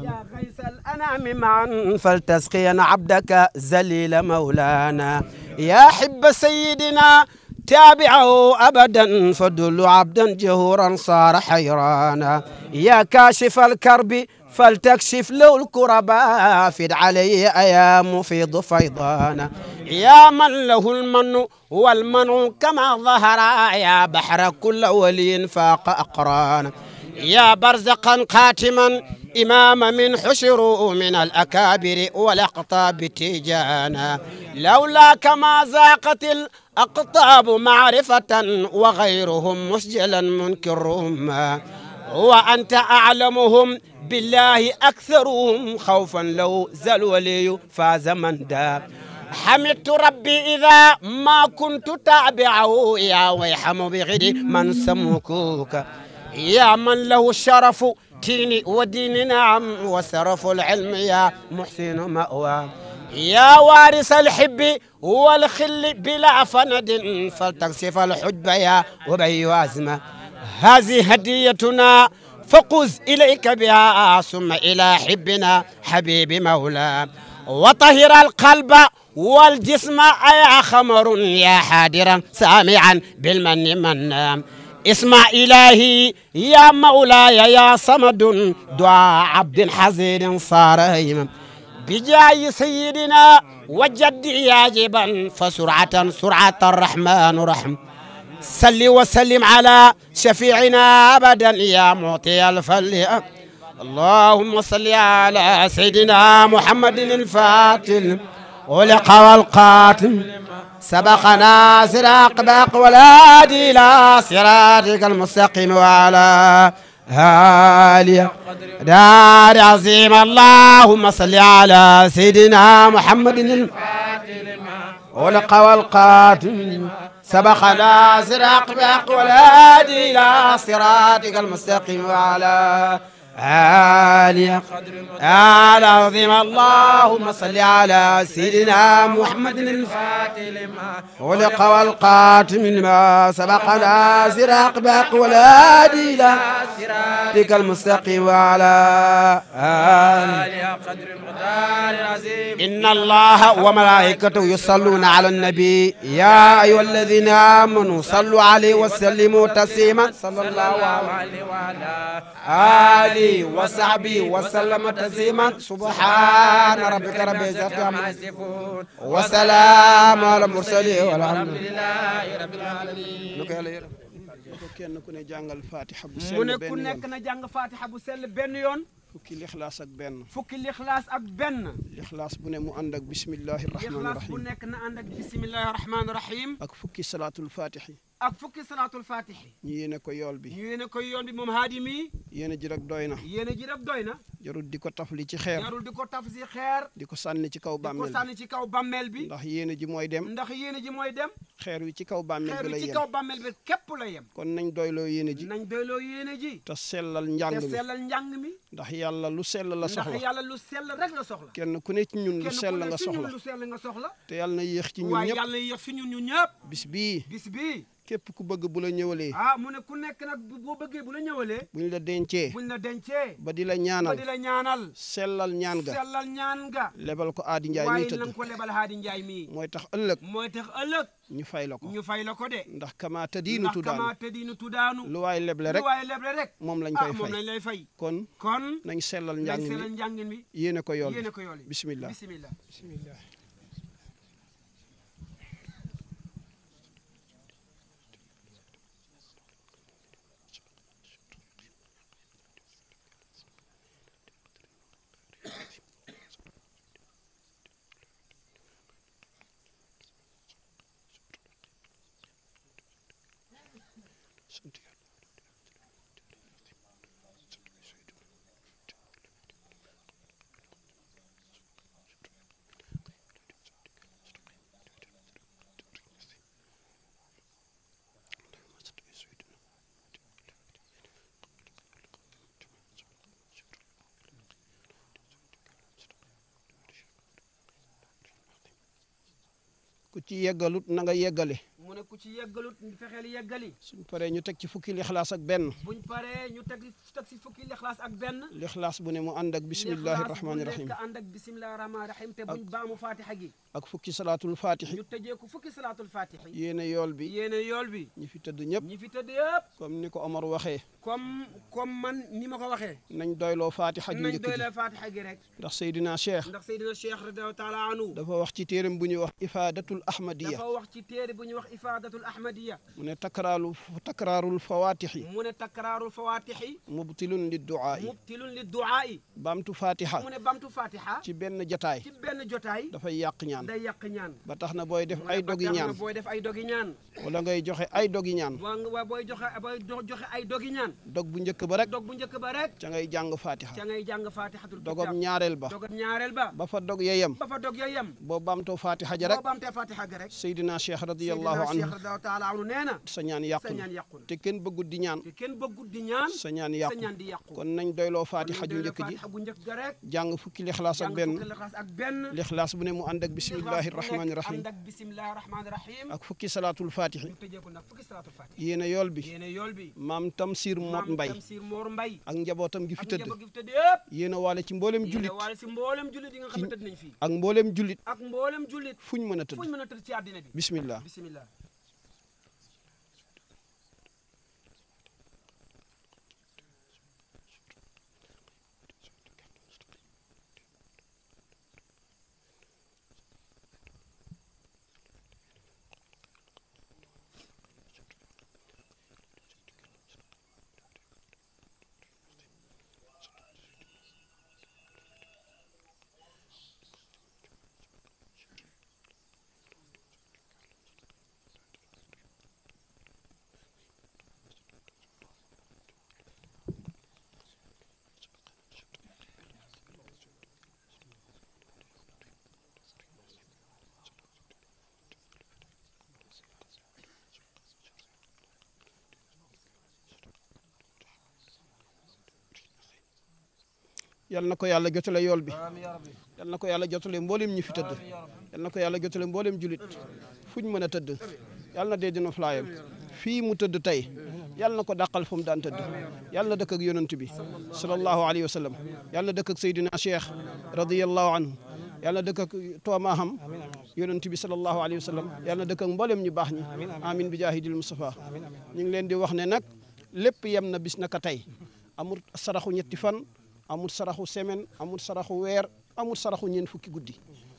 يا غيث الأنام معا فلتسقينا عبدك ذليل مولانا يا حب سيدنا تابعه أبدا فدل عبدا جهورا صار حيرانا يا كاشف الكرب فلتكشف له الكرباء فد علي يا مفيض فيضانا يا من له المن والمنع كما ظهر يا بحر كل ولي فاق أقرانا يا برزقا قاتما إمام من حشروا من الأكابر والأقطاب تيجانا لولاك ما زاقت الأرض أقطاب معرفة وغيرهم مسجلا منكرهم وأنت أعلمهم بالله أكثرهم خوفا لو زل ولي فاز من دا حمدت ربي إذا ما كنت تابعه يا ويحم بغير من سمكوك يا من له الشرف تيني ودين نعم وسرف العلم يا محسن مأوى يا وارث الحب هو الخل بلا فند فلتقصف الحجب يا ابي أزمة هذه هديتنا فقز إليك بها ثم إلى حبنا حبيب مولى وطهر القلب والجسم يا خمر يا حادرا سامعا بالمن من اسمع إلهي يا مولاي يا صمد دعاء عبد حزين صار هيمم بجاي سيدنا وجد عياجبا فسرعة سرعة الرحمن رحم سل وسلم على شفيعنا أبدا يا معطي الفل اللهم صل على سيدنا محمد الفاتن ولقى والقاتل سبق ناصر أقبق والهادي إلى صراطك المستقيم وعلى هاليا دار عظيم اللهم صل على سيدنا محمد الفاتح لما ولقى والقاتم سبقنا سراق باقوى الهادي إلى صراطك المستقيم وعلى عالية على عظيم اللهم صل على سيدنا محمد الفاتح لما خلق والقاتم لما سبق ناصر أقبق ولا إلى تلك المستقيم وعلى آله إن الله وملائكته يصلون على النبي يا أيها الذين آمنوا صلوا عليه وسلموا تسليما صلى الله عليه وعلى آله وصحبه وسلم تسليما سبحان ربك رب العزة عما يصفون وسلام على المرسلين والحمد لله رب العالمين. mu ne ku nekk na jàng faatiha bu sell benn yoon. فك الاخلاص اك بن فك الاخلاص اك الاخلاص بني مو عندك بسم الله الرحمن الرحيم الاخلاص بني عندك بسم الله الرحمن الرحيم اك صلاه الفاتحه ak fukki salaatul faatihi ñu yéene ko yool bi ñu yéene ko yool bi moom haadi mi yéene ji rek doy na yéene ji rek doy na jarul di ko tafli ci xeer jarul di ko taf si xeer di ko sànni ci kaw bàmmeel di sànni ci kaw bàmmeel bi ndax yéene ji mooy dem ndax yéene ji mooy dem xeer wi ci kaw bàmmeel bi la yem ci kaw bàmmeel bi képp la yem kon nañ doyloo yéene ji nañ doyloo yéene ji te sellal njàng mi te sellal njàng mi ndax yàlla lu sell la soxla ndax yàlla lu sell rek la soxla kenn ku ne ci ñun lu sell nga soxla lu sell nga soxla te yàlla na yéex ci ñun ñëpp waaye yàlla na ci ñun ñun ñëpp bis bii bis bii képp ku bëgg bu la ñëwalee. ah mu ne ku nekk nag boo bëggee bu la ñëwalee. buñ la dencee. buñ la dencee. ba di la ñaanal ba di sellal ñaan ga sellal ñaan ga. lebal ko Aadi Njaay mi tëdd waaye mi. mooy tax ëllëg. mooy tax ëllëg. ñu fay la ko ñu fay la ko de. ndax kamaa tadiinu tudaanu ndax kamaa tadiinu tudaanu. lu waay leble rek leble rek. moom lañ koy fay ah, lay fay. kon kon nañ sellal njàngin bi nañ sellal njàngin bi. yéene ko yool bismillah bismillah ci yeggalut na nga yeggale mu ne ku ci yeggalut fexeel yeggali suñ paree ñu teg ci fukki lixlaas ak benn buñ paree ñu teg teg ci fukki lixlaas ak benn lixlaas bu ne mu ànd ak bismillahi rahmaani rahim ànd ak bismillahi rahmaani rahim te buñ baamu fatiha gi ak fukki salatul fatih ñu tejje ko fukki salatul fatih yene yol bi yene yol bi ñi fi tëdd ñep ñi fi tëdd yep comme niko Omar waxe comme comme man ni mako waxe nañ doylo doyloo faatixa gi nañ doylo faatixa gi rek ndax sayidina Cheikh ndax sayidina Cheikh radiallahu taala anu dafa wax ci téeram bu ñu wax ifadatul ahmadiyya dafa wax ci tere bu ñu wax ifadatul ahmadiyya mu ne takraru takraarul fawatih mu ne takraarul fawatih mubtilun lid-du'a mubtilun lid-du'a bamtu fatiha mu ne bamtu fatiha ci ben jotaay ci ben jotaay dafay yàq ñaan day yàq ñaan ba tax na booy def ay dogi ñaan boy def ay dogi ñaan wala ngay joxe ay dogi ñaan wa boy joxe booy joxe ay dogi ñaan dog bu njëkk ba rek dog bu njëkk ba rek ca ngay jang fatiha ca ngay jàng fatihatul dogam ñaarel ba dogam ñaarel ba ba fa dog yeyam ba fa dog yeyam bo bamto fatiha ja rek bo bamte fatiha ga rek seydina cheikh radiyallahu anhu cheikh radiyallahu taala anhu ñaan na sa ñaan yàqul te kenn bëggu di ñaan te kenn bëggu di ñaan sa ñaan yàqul kon nañ doylo fatiha ju njëkk ji jang fukki lixlaas ak ben lixlaas bu ne mu and ak bis bisimillahi rahmaani rahim ànd ak bisimillahi rahmaani rahim ak fukki salaatul faatixi ñu tëjee ko nag fukki salaatul faatixi yéene yool bi yéene yool bi maam Tamsir Mor Mbay Tamsir Mor Mbay ak njabootam gi fi tëdd ak njaboot gi fi tëdd yëpp yéene waale ci mboolem jullit yéene waale ci mboolem jullit yi nga xam ne tëdd nañ fii ak mboolem jullit ak mboolem jullit fuñ mën a tëdd fuñ mën a tëdd ci àddina bi bisimilah bisimilah yal na ko yàlla jotale yool bi yal na ko yàlla jotale mboolem ñi fi tëdd yal na ko yàlla jotale mboolem julit fu ñu mën a tëdd yal na dee dina flaayam fii mu tëdd tey yal na ko dàqal fu mu daan tëdd yal na dëkk ak yonent bi sallallahu alayhi wa sallam yal na dëkk ak Seydina Cheikh radiyallahu anhu yal na dëkk ak Toomaham yonent bi sallallahu alayhi wa sallam yal na dëkk ak mboolem ñu baax ñi amin bi jaahidil Mustafa ñu ngi leen di wax ne nag lépp yem na bis naka tey amul saraxu ñetti fan. amul saraxu semaine amul saraxu weer amul saraxu ñeen fukki guddi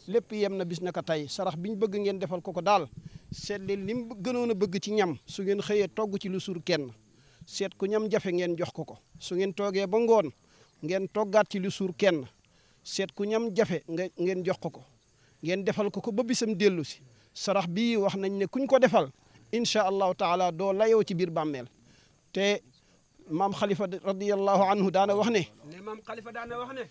lépp yem na bis na naka tey sarax bi ñu bëgg ngeen defal ko ko daal seet li mu gënoon a bëgg ci ñam su ngeen xëyee togg ci lu suur kenn seet ku ñam jafe ngeen jox ko ko su ngeen toogee ba ngoon ngeen toggaat ci lu suur kenn seet ku ñam jafe nga ngeen jox ko ko ngeen defal ko ko ba bisam dellu si sarax bi wax nañ ne kuñ ko defal incha allahu taala doo layoo ci biir bàmmeel maam Khalifa radiyallahu anhu daana wax ne. ne maam Khalifa daana wax ne.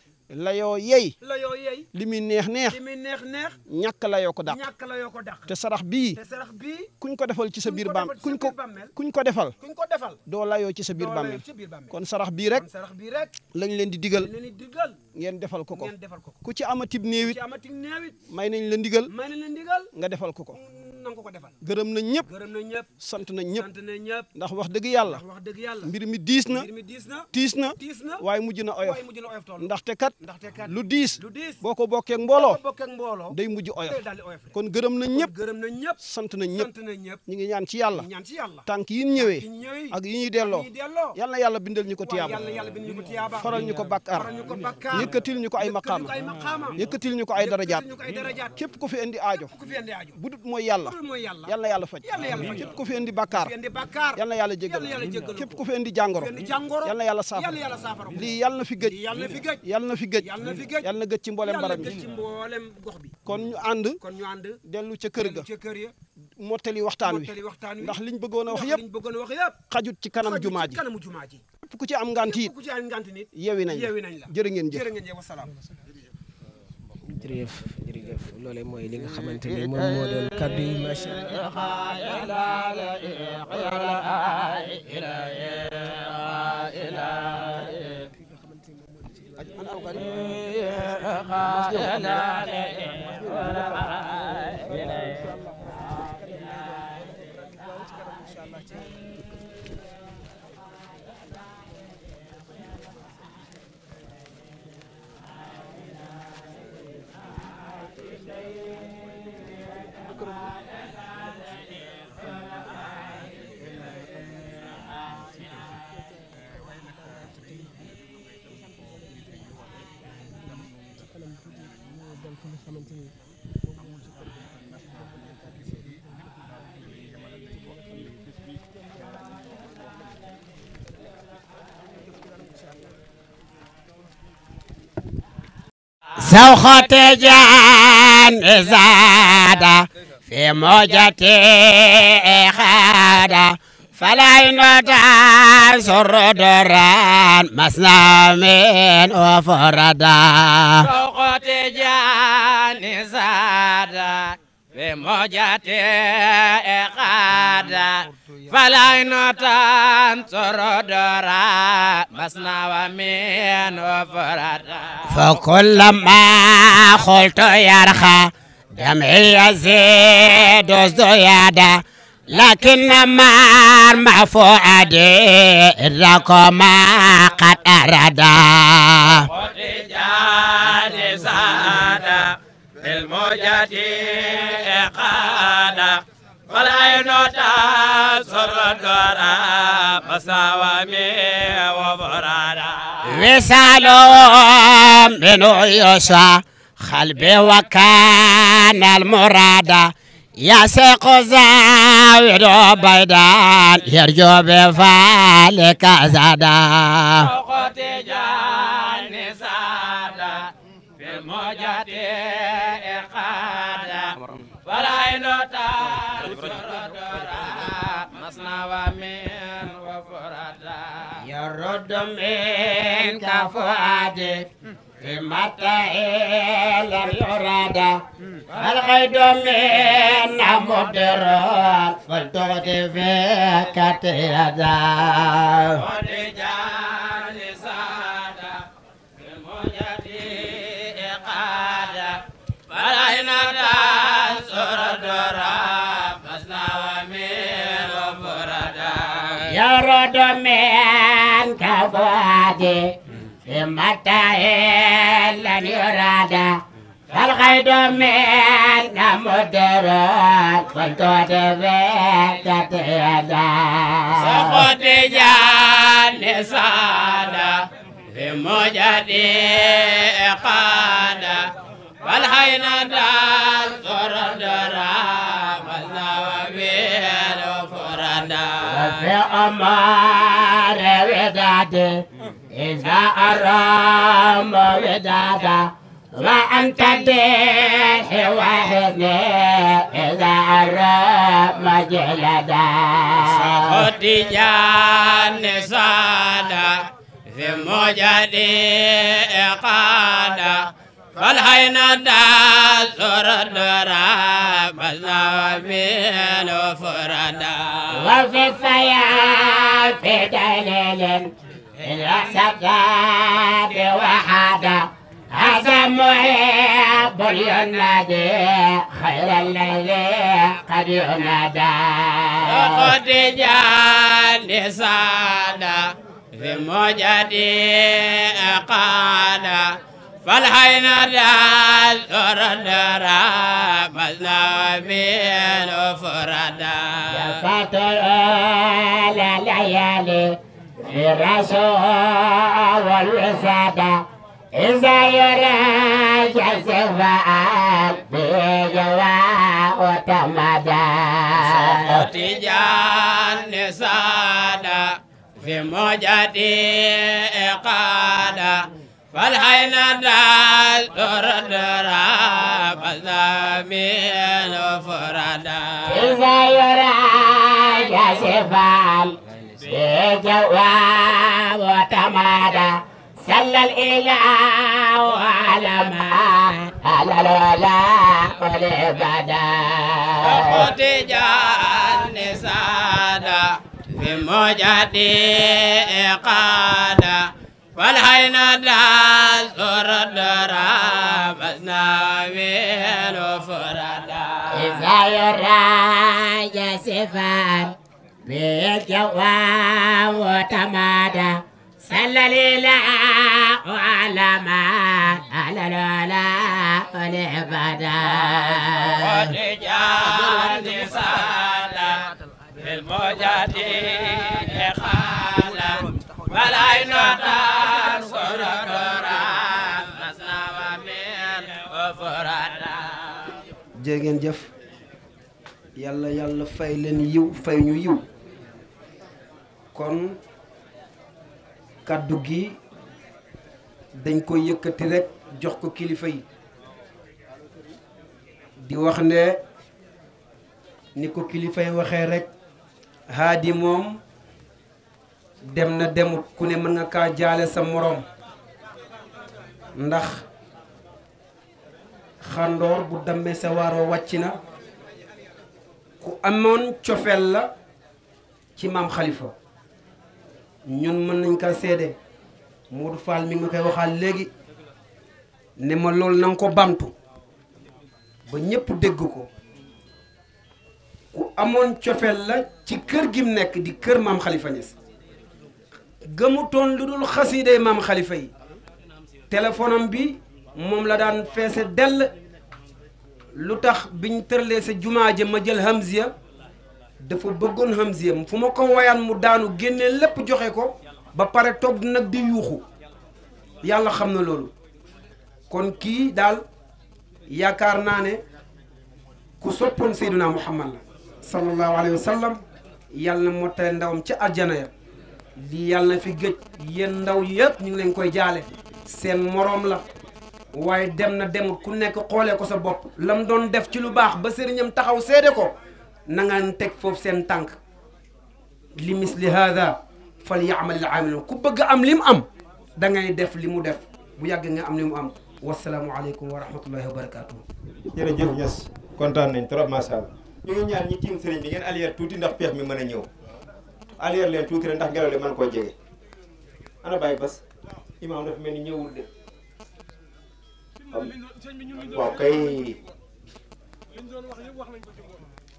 layoo yey. layoo yey. li muy neex neex. li muy neex neex. ñàkk layoo ko dàq. ñàkk layoo ko dàq. te sarax bii. te sarax kuñ ko defal ci sa biir bam kuñ ko kuñ ko defal. kuñ ko defal. doo layoo ci sa biir bàmmeel. kon sarax bii rek. sarax bii rek. lañ leen di digal. lañ di digal. ngeen defal ko ko. ngeen defal ko ku ci amatib néewit. ku ci amatib may nañ la ndigal. may nañ la nga defal ko ko. na nga ko ko defal gërëm na ñëpp gërëm na ñëpp sant na ñëpp sant na ndax wax dëgg yàlla mbir mi diis na tiis na waaye mujj na oyof waaye mujj kat lu diis lu diis boo day mujj oyof kon gërëm na ñëpp sant na ñëpp sant na yàlla ñaan ci yàlla tànk yi yi ñuy delloo yàlla bindal ñu ko faral ñu ko bàkkaar yëkkatil ñu ay maqaama yëkkatil ñu ay darajaat képp ku fi aajo budut mooy yàlla yal na yàlla faj képp ku fi indi bakkaar yal na yàlla jégal képp ku fi indi jàngoro yal na yàlla saafara lii yal na fi gëj yal na fi gëj yal na gëj ci mboolem barab bi kon ñu ànd dellu ca kër ga mottali waxtaan wi ndax liñ bëggoon a wax yëpp xajut ci kanam jumaa ji képp ku ci am ngant it yewi nañ jërë ngeen jëf jërëjëf jërëjëf loole mooy li nga xamante ni moom moo doon kàddu yi macha Allah شوخة جان زادة في موجة خادة فلا ينادى سر دران مسنا من وفردا شوخة جان زادة في موجة خادة فلا ينطان خلت يرخى دمعي يزيد وزيادة لكن ما مع فؤادي الرقم ما قد أرادا الموجة إقادة فلا ينوتا سر الدورا مساوامي وفرادا وسالوم من يسوع قلبي وكان المرادا يا سيق زاويد بيدان يرجو بفالك زادا وقتي جاني زادا في موجتي إقادا ولا ينوتا ومن وفردا يرد من كفؤاد في متى لم يرد القيد من مدر فلتغد في كتيدا فلا ينادى سردرا do men kafade mata lan yurada fal khaydo men namodara fal to de kateda sakote jane sada mojade qada fal hayna dan sorodara في أمار وداد إذا أرام ودادا وأنت ديه وهني إذا أرام جلدا سخدي جان سادا في مجدي إقادا فالحين الداسور النورا مزامين فردا وفي الصيام في دليل ذات وحدا أسم محب ينادي خير الليل قد ينادى لقد جاني سادا في موجدي أقادا فالحين الرعال سرندرا مزنا بين وفردا يا فاتر الليالي في الرسول والوسادة إذا يراجع الزفاء بجواء وتمدى تجان سادة في موجة إقادة فالحين الناس ترد راب الزمين وفرادا إذا يرى جاسفال بجواب وتمادى صلى الإله على ما على الولا والعبادة أخوتي جان سادة في موجتي إقادة والحينا الدار الدرا بسنا وين فردا إذا يرى يا بيت بالجواب وتمادا صلى لله وعلى ما على الولا والعبادة ورجال صلى بالمجاهدين خالا والعين jéegeen jëf yàlla yàlla fay leen yiw fay ñu yiw kon kàddu gi dañ koy yëkkati rekk jox ko kilifa yi di wax ne ni ko kilifay yi waxee rekk haadi moom dem na demut ku ne mën nga kaa jaale sa moroom ndax xandoor bu dammee sa waaroo wàcc na ku amoon cofeel la ci maam xalifa ñun mën nañ kaa seede Modou Fall mi ngi koy waxaal léegi ne ma loolu na ko bamtu ba ñëpp dégg ko ku amoon cofeel la ci kër gi mu nekk di kër maam xalifa Niass gëmutoon lu dul xasiidee maam xalifa yi téléphone bi moom la daan feese dell lu tax biñ tërlee sa jumaa ja ma jël hamziya dafa bëggoon hamziya fu ma ko woyaan mu daanu génnee lépp joxe ko ba pare toog nag di yuuxu yàlla xam na loolu kon kii daal yaakaar naa ne ku soppoon Seydina Muhammad la sallallahu alayhi wa sallam yàlla na mottale ndawam ca àjjana ya lii yàlla fi gëj yéen ndaw yëpp ñu ngi leen koy jaale seen moroom la waaye dem na demut ku nekk xoolee ko sa bopp lam doon def ci lu baax ba sëriñam taxaw seede ko na nga teg foofu seen tànk li misli hada fal yaamal aamiloon ku bëgg am li mu am da def li mu def bu yàgg nga am li mu am wasalaamualeykum wa rahmatullahi wa barakaatu. jërëjëf Niass kontaan nañ trop macha allah. ñu ngi ñaan ñi tiim sëriñ bi ngeen allier tuuti ndax peex mi mën a ñëw allier leen tuuti rek ndax ngelaw li mën koo jege imaam dafa mel ni ñëwul de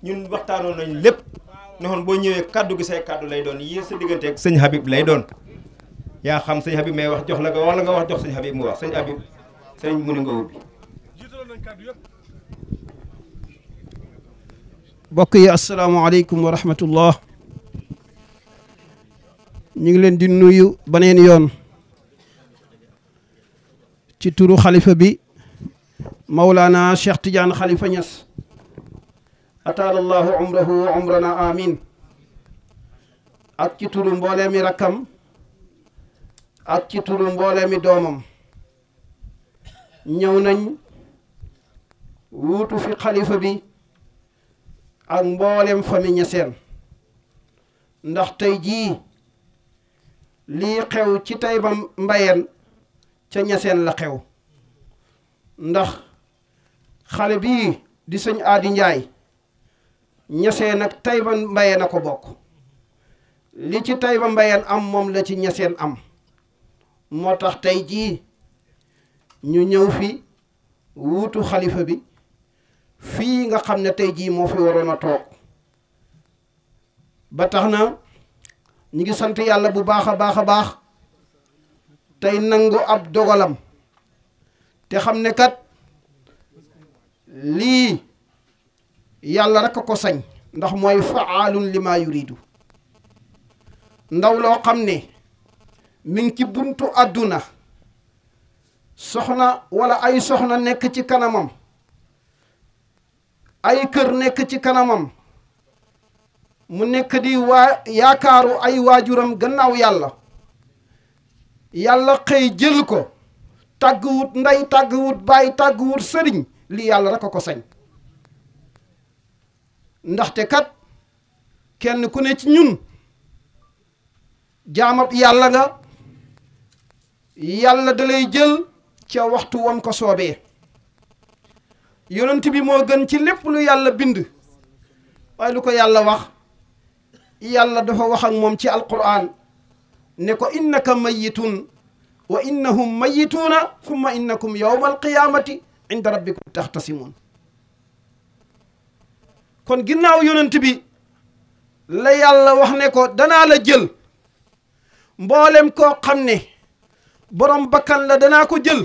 ñun waxtaanoon nañ lépp ne boo ñëwee kàddu gi say kàddu lay doon yéen sa diggante ak sëñ Habib lay doon yaa xam sëñ Habib may wax jox la nga wala nga wax jox sëñ Habib mu wax sëñ Habib sëñ mu ne nga ubbi mbokk yi asalaamaaleykum wa rahmatullah ñu ngi leen di nuyu beneen yoon ci turu khalifa bi maulana cheikh tidiane khalifa ñas ataala allah umrahu wa umrana amin ak ci turu mboolee mi rakkam ak ci turu mboolee mi doomam ñëw nañ wutu fi khalifa bi ak mbolem fami ñaseen ndax tay ji li xew ci Taïba mbayen ca ñaseen la xew ndax xale bii di sëñ aadi njaay ñaseen ak tayba mbayeen a ko bokk li ci tayba mbayeen am moom la ci ñaseen am moo tax tey jii ñu ñëw fi wuutu xalifa bi fii nga xam ne tey jii moo fi waroon a toog ba tax na ñu ngi sant yàlla bu baax a baax a baax tey nangu ab dogalam te xam ne kat lii yàlla rek a ko sañ ndax mooy faalun li maa yuridu ndaw loo xam ne mi ngi ci buntu àdduna soxna walla ay soxna nekk ci kanamam ay kër nekk ci kanamam mu nekk di waa yaakaaru ay waajuram gannaaw yàlla yàlla xëy jël ko tàgguwut ndey tàgguwut bàyyi tàgguwut sëriñ lii yàlla rek a ko sañ ndaxte kat kenn ku ne ci ñun jaamab yàlla nga yàlla da lay jël ca waxtu wam ko soobee yonent bi moo gën ci lépp lu yàlla bind waaye lu ko yàlla wax yàlla dafa wax ak moom ci alquran نكو ko innaka mayyitun wa innahum mayyituuna summa innakum yawma alqiyamati inda rabbikum taxtasimun kon ginnaaw yonent bi la yàlla wax ne ko danaa borom bakkan la danaa ko jël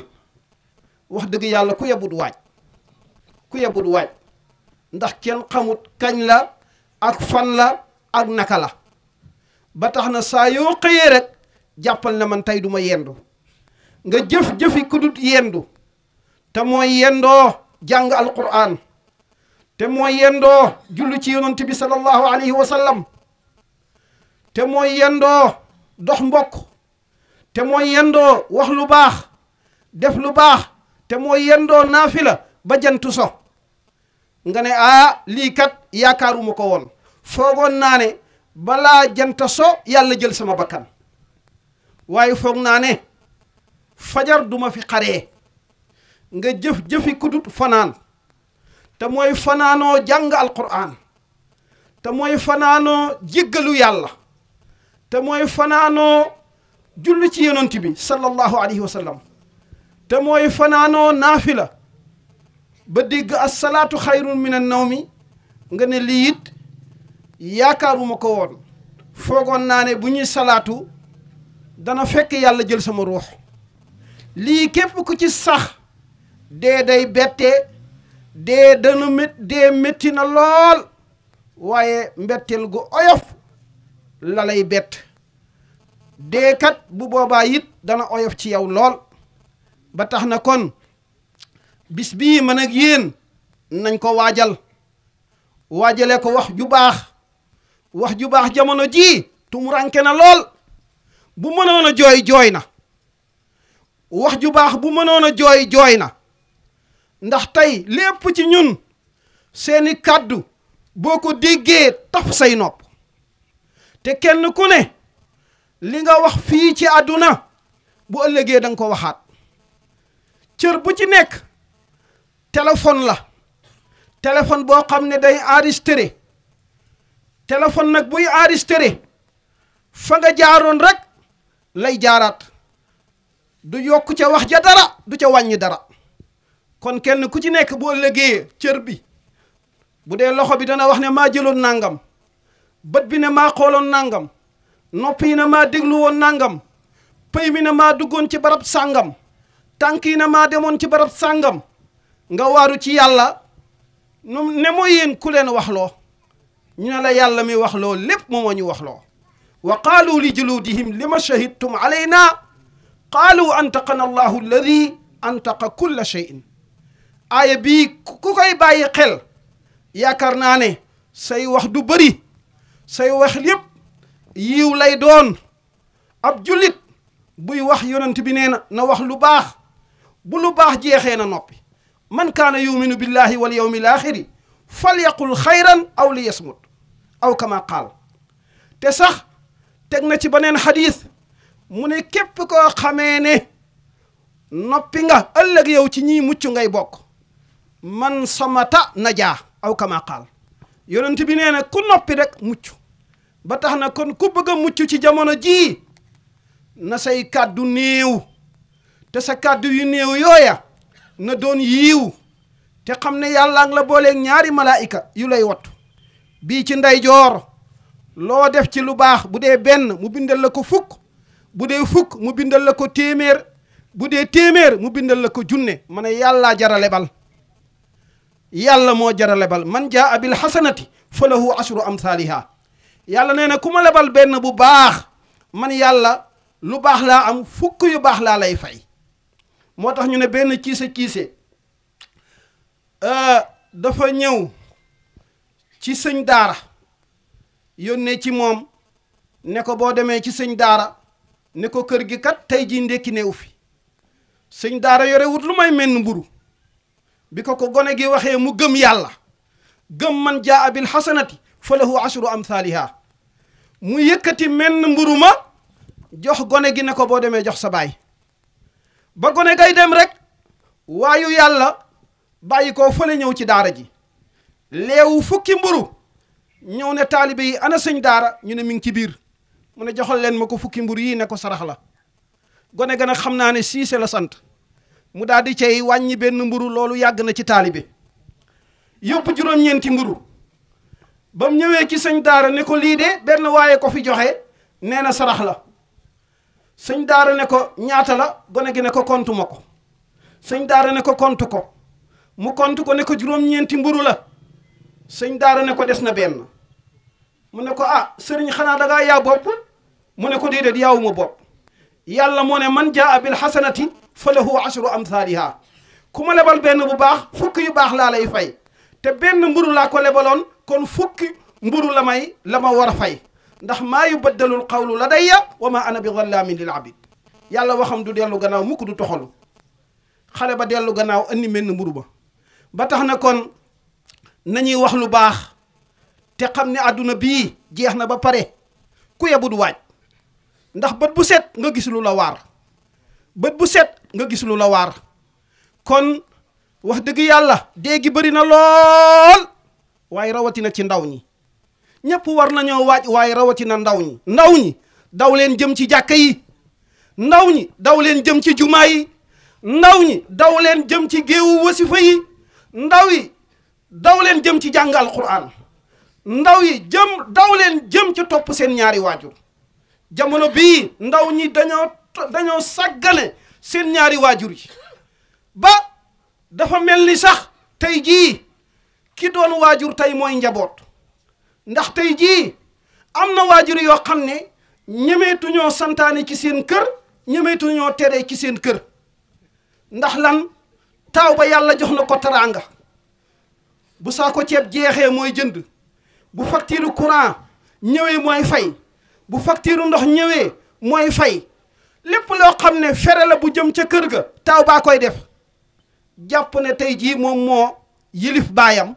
wax dëgg yàlla ku yebut waaj ku yebut waaj ndax kenn xamut kañ la ak fan la ak naka la ba tax na saa yoo xëyee rek jàppal na man tey duma ma yendu nga jëf-jëfi kudut yendu te mooy yendoo jàng alquran te mooy yendoo jullu ci yonent bi sallallahu alayhi wa sallam te mooy yendoo dox mbokk te mooy yendoo wax lu baax def lu baax te mooy yendoo naafila ba jantu so nga ne aa ah, lii kat yaakaaruma ko woon foogoon naa ne bala janta so yàlla jël sama bakkan waaye foog naa fajar duma fi xaree nga jëf jëfi kudut fanaan te mooy fanaanoo jàng alquran te mooy fanaanoo jéggalu yàlla te mooy fanaanoo jullu ci yonent bi sallallahu alayhi wa sallam te mooy fanaanoo naafila ba dégg asalaatu xayrun min an nawmi nga ne lii it yaakaaruma ko woon foogoon naa ne bu ñuy salaatu dana fekk yàlla jël sama ruux lii képp ku ci sax dee day bette dee dana mét na lool waaye mbetteel gu oyof la lay bett dee kat bu boobaa yit dana oyof ci yow lool ba tax na kon bis bii mën ak yéen nañ ko waajal waajale ko wax ju baax wax ju baax jamono ji tumuranke na lool bu mënoon a jooy jooy na wax ju baax bu mënoon a jooy jooy na ndax tey lépp ci ñun seeni kàddu boo ko déggee taf say nopp te kenn ku ne li nga wax fii ci àdduna bu ëllëgee da nga ko waxaat cër bu ci nekk téléphone la téléphone boo xam ne day enregistré téléphone nag buy enregistré fa nga jaaroon rek lay jaaraat du yokk ca wax ja dara du ca wàññi dara kon kenn ku ci nekk boo légee cër bi bu dee loxo bi dana wax ne maa jëloon nangam bët bi ne maa xooloon nangam nopp yi ne maa déglu woon nangam pëy mi ne maa duggoon ci barab sàngam tànk yi ne maa demoon ci barab sàngam nga waaru ci yàlla nu ne mooy yéen ku leen waxloo ñu la yàlla mi wax loo lépp moom moo ñu wax loo wa qaalu li juluudihim li ma shahidtum alayna qaalu antaqana allahu alladi antaqa kulla cheyin aaya bi ku koy bàyyi xel yaakaar naa ne say wax du bëri say wax lépp yiw lay doon ab jullit buy wax yonent bi nee na na wax lu baax bu lu baax jeexee na noppi man kaana yuminu billahi wal yawmi l axiri falyaqul xayran aw li yasmut aw kama qaal te sax teg na ci beneen xadis mu ne képp koo xamee ne noppi nga ëllëg yow ci ñiy mucc ngay bokk man sama ta najaa aw kama qaal yonent bi nee ku noppi rek mucc ba tax na kon ku bëgg a mucc ci jamono ji na say kàddu néew te sa kàddu yu néew yooya na doon yiiw te xam ne yàlla ngi la booleeg ñaari malaayika yu lay wattu bii ci ndeyjoor loo def ci lu baax bu dee benn mu bindal la ko fukk bu dee fukk mu bindal la ko téeméer bu dee téeméer mu bindal la ko junne ma ne yàllaa jara lebal yàlla moo jara lebal man jaa abil hasanati fa lahu ashru amsaaliha yàlla nee na ku ma lebal benn bu baax man yàlla lu baax laa am fukk yu baax laa lay fay moo tax ñu ne benn ciise ciise euh, dafa ñëw ci sëñ daara yónnee ci moom ne ko boo demee ci sëñ daara ne ko kër gi kat tey jii ndekki neewu fi sëñ daara yore wut lu may menn mburu bi ko ko gone gi waxee mu gëm yàlla gëm man jaa abil xasanati fa lahu am amthaliha mu yëkkati menn mburu ma jox gone gi ne ko boo demee jox sa baay ba gone gay dem rek waayu yàlla bàyyi koo fële ñëw ci daara ji leewu fukki mburu ñëw ne taalibe yi ana sëñ daara ñu ne mi ngi ci biir mu ne joxal leen ma ko fukki mburu yii ne ko sarax la gone ga a xam naa ne siise sant mu daal di wàññi benn mburu loolu yàgg na ci taalibe yóbbu juróom-ñeenti mburu ba mu ñëwee ci sëñ daara ne ko lii de benn waaye ko fi joxe nee na sarax la sëñ daara ne ko ñaata la gone gi ne ko ma ko sëñ daara ne ko kont ko mu kont ko ne ko juróom-ñeenti mburu la sëñ daara ne ko des na benn mu ne ko ah sëriñ xanaa da ngaa yaa bopp mu ne ko déedéet yaawuma bopp yàlla moo ne man jaa bil xasanati fa lahu ashru amthaliha ku ma lebal benn bu baax fukk yu baax laa lay fay te benn mburu laa ko lebaloon kon fukki mburu la may la ma war a fay ndax maa yu baddalul qawlu la dayya wa ma ana bi dhallaamin lil abid yàlla waxam du dellu gannaaw mukk du toxalu xale ba dellu gannaaw andi menn mburu ba ba tax na kon nañuy wax lu baax te xam ne àdduna bii jeex na ba pare ku yebut waaj ndax bët bu set nga gis lu la waar bët bu set nga gis lu la waar kon wax dëgg yàlla dee gi bëri na lool waaye rawatina ci ndaw ñi ñëpp war nañoo waaj waaye rawatina ndaw ñi ndaw ñi daw leen jëm ci jàkka yi ndaw ñi daw leen jëm ci yi ndaw ñi daw leen jëm ci géewu wasifa yi ndaw yi daw leen jëm ci jàng alquran ndaw yi jëm daw leen jëm ci topp seen ñaari waajur jamono bii ndaw ñi dañoo dañoo seen ñaari waajur yi ba dafa mel ni sax tey jii ki doon waajur tey mooy njaboot ndax tey jii am na waajur yoo xam ne ñemeetuñoo santaane ci seen kër ñemeetuñoo tere ci seen kër ndax lan taw ba yàlla jox na ko teraanga bu saako ceeb jeexee mooy jënd bu facture courant ñëwee mooy fay bu facture ndox ñëwee mooy fay lépp loo xam ne fere la bu jëm ca kër ga taaw baa koy def jàpp ne tey jii moom moo yilif baayam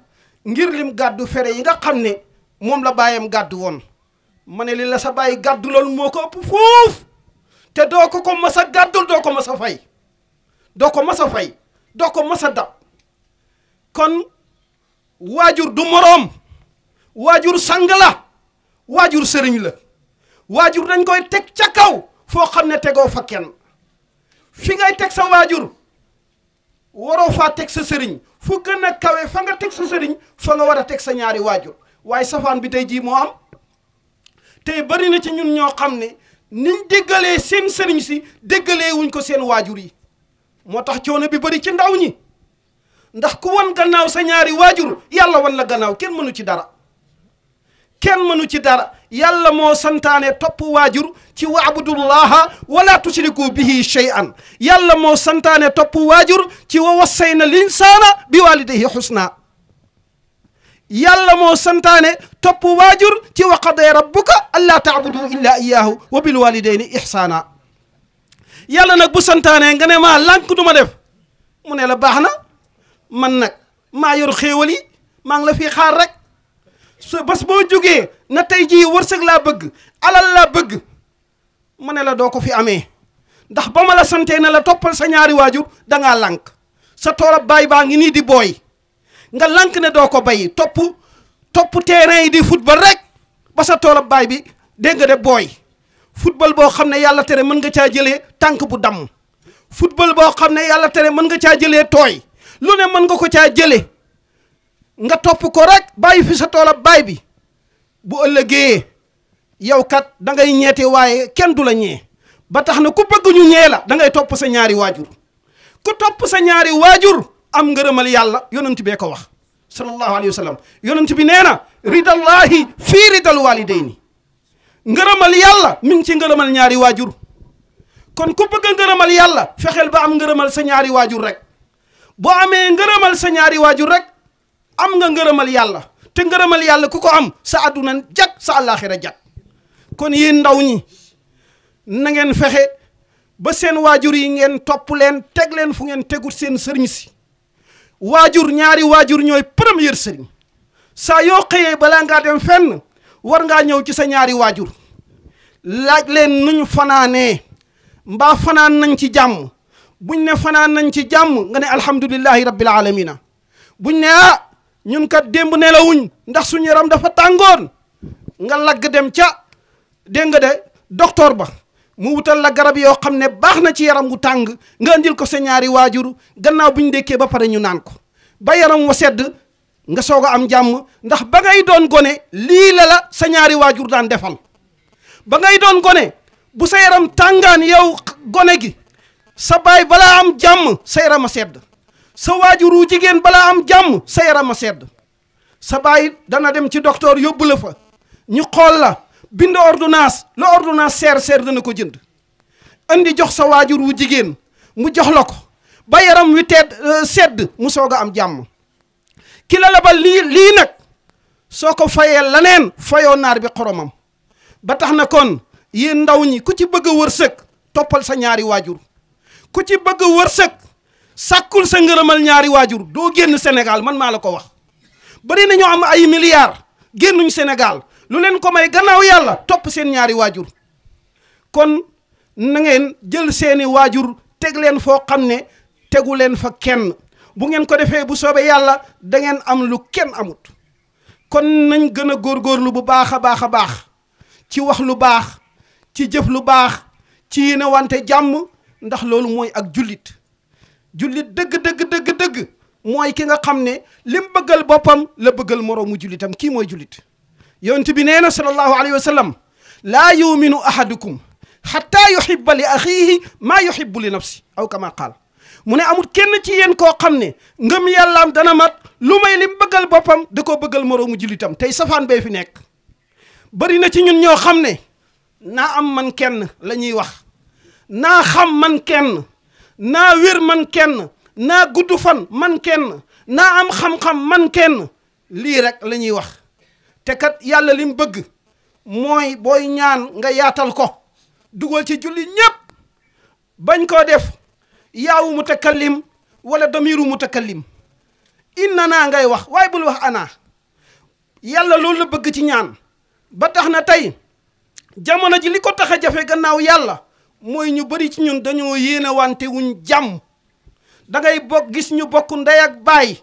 ngir lim gàddu fere yi nga xam ne moom la baayam gàdd woon ma ne li la sa bàyyi gàddu loolu moo ko ëpp fuuf te doo ko ko mas a gàddul doo ko mas fay doo ko mas a fay doo ko mas a dab kon waajur du moroom waajur sang la waajur sëriñ la waajur dañ koy teg ca kaw foo xam ne tegoo fa kenn fi ngay teg sa waajur waroo faa teg sa sëriñ foo kën a kawe fa nga teg sa sëriñ fa nga war a teg sa ñaari waajur waaye safaan bi tey jii moo am tey bari na ci ñun ñoo xam ne niñ déggalee seen sëriñ si déggalee wuñ ko seen waajur yi moo tax coono bi bari ci ndaw ñi ndax ku wan gannaaw sa ñaari waajur yàlla wan la gannaaw kenn mënu ci dara kenn mënu ci dara yàlla moo santaane topp waajur ci waabudullaha wala tushriku bihi shay'an yàlla moo santaane topp waajur ci wa wassayna linsaana bi walidayhi husna yàlla moo santaane topp waajur ci wa qadee rabbuka allaa taabudu illa iyaahu wa bil walidayni ihsaana yàlla nag bu santaane nga ne maa lànk du ma def mu ne la baax na man nag maa yor xéewal yi maa ngi la fi xaar rek sa bés boo jógee na tey jii wërsëg laa bëgg alal laa bëgg ma ne la doo ko fi amee ndax ba ma la santee ne la toppal sa ñaari waajur da ngaa lànk sa toorab baay baa ngi nii di booy nga lànk ne doo ko bay topp topp terrain yi di football rek ba sa toorab baay bi dégg nga de booy football boo xam ne yàlla tere mën nga caa jëlee tànk bu damm football boo xam ne yàlla tere mën nga caa jëlee tooy lu ne mën nga ko ca jele nga top ko rek bàyyi fi sa tola baay bi bu ëllëgee yow kat da ngay ñeete waaye kenn du la ñee ba tax na ku bëgg ñu ñee la da ngay top sa ñaari wajur ku top sa ñaari wajur am ngeureumal yalla yonent bi ko wax sallallahu alaihi wasallam yonent bi neena ridallahi fi ridal walidaini ngeureumal yalla mi ngi ci ngeureumal ñaari wajur kon ku bëgg ngeureumal yalla fexel ba am ngeureumal sa ñaari wajur rek boo amee ngërëmal sa ñaari waajur rek am nga ngërëmal yàlla te ngërëmal yàlla ku ko am sa àdduna jat sa àllaaxira jat kon yéen ndaw ñi na ngeen fexe ba seen waajur yi ngeen topp leen teg leen fu ngeen tegut seen sëriñ si waajur ñaari waajur ñooy première sëriñ saa yoo këyee balaa ngaa dem fenn war ngaa ñëw ci sa ñaari waajur laaj leen nuñ fanaanee mbaa fanaan nañ ci jàmm buñ ne fanaan nañ ci jàmm nga ne alhamdulillahi rabbil alamina buñ ne ah ñun kat démb nelawuñ ndax suñu yaram dafa tàngoon nga lagg dem ca dégg de docteur ba mu wutal la garab yoo xam ne baax na ci yaram wu tàng nga andil ko sa ñaari waajur gannaaw buñ dekkee ba pare ñu naan ko ba yaram wa sedd nga soog a am jàmm ndax ba ngay doon gone lii lala la waajur daan defal ba ngay doon gone bu sa yaram tàngaan yow gone gi sa baay balaa am jàmm sa yaram a sedd sa waajur wu jigéen balaa am jàmm sa yaram a sedd sa baay dana dem ci docteur yóbbu la fa ñu xool la bind ordonnance la ordonnance seer seer dana ko jënd andi jox sa waajur wu jigéen mu jox la ko ba yaram wi tedd euh, sedd mu soog a am jàmm ki la lebal lii lii nag soo ko fayee leneen fayoo naar bi xoromam ba tax na kon yéen ndaw ñi ku ci bëgg a wërsëg toppal sa ñaari waajur ku ci bëgg wërsëg sakul sa ngeureumal ñaari wajur do génn Sénégal man maa la ko wax bari ñu am ay milliard génnuñ Sénégal lu leen ko may gannaaw yalla top seen ñaari wajur kon na ngeen jël seeni wajur teg leen fo xamne ne tegu leen fa kenn bu ngeen ko defee bu yalla da ngeen am lu kenn amut kon nañ gor gor lu bu baaxa baaxa baax ci wax lu baax ci jëf lu baax ci wante jàmm ndax loolu mooy ak jullit jullit dëgg dëgg dëgg dëgg mooy ki nga xam ne lim bëggal boppam la bëggal moroomu jullitam kii mooy jullit yonent bi nee na sallallahu alayhi wa sallam laa yuminu ahadukum xatta yuhibba li axiihi ma yuhibbu li nafsi aw kama qaal mu ne amul kenn ci yéen koo xam ne ngëm yàllaam dana mat lu may lim bëggal boppam da ko bëggal moroomu jullitam tey safaan bee fi nekk bari na ci ñun ñoo xam ne naa am man kenn la ñuy wax naa xam man kenn naa wér man kenn naa gudd fan man kenn naa am xam-xam man kenn lii rek la ñuy wax te kat yàlla lim bëgg mooy booy ñaan nga yaatal ko dugal ci julli ñépp bañ koo def yaawu mutakallim wala damiru mutakallim inna naa ngay wax waaye bul wax ana yàlla loolu la bëgg ci ñaan ba tax na tey jamono ji li ko tax a jafe gannaaw yàlla mooy ñu bari ci ñun dañoo yéene wante wuñ jàmm da ngay bokk gis ñu bokk ndey ak baay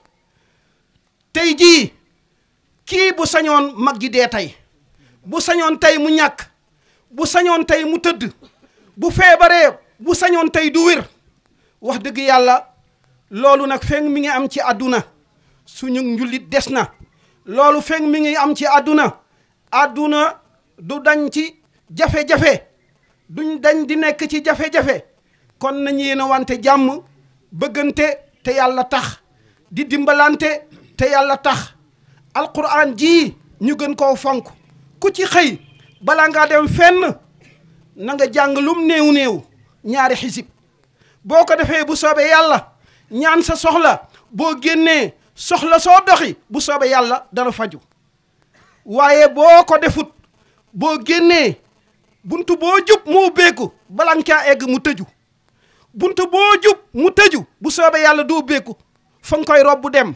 tey jii kii bu sañoon mag ji dee tey bu sañoon tey mu ñàkk bu sañoon tey mu tëdd bu feebaree bu sañoon tey du wér wax dëgg yàlla loolu nag fekk mi ngi am ci àdduna suñu njullit des na loolu fekk mi ngi am ci àdduna àdduna du dañ ci jafe-jafe duñ dañ di nekk ci jafe-jafe kon nañ yéen a wante jàmm bëggante te yàlla tax di dimbalante te yàlla tax alquran ji ñu gën koo fonk ku ci xëy balaa ngaa dem fenn na nga jàng lum néew-néew ñaari xisib boo ko defee bu soobee yàlla ñaan sa soxla boo génnee soxla soo doxi bu soobee yàlla dara faju waaye boo ko defut boo génnee buntu boo jub mu ubbeeku bala nga egg mu tëju buntu boo jub mu tëju bu soobee yàlla du ubbeeku fa nga koy robbu dem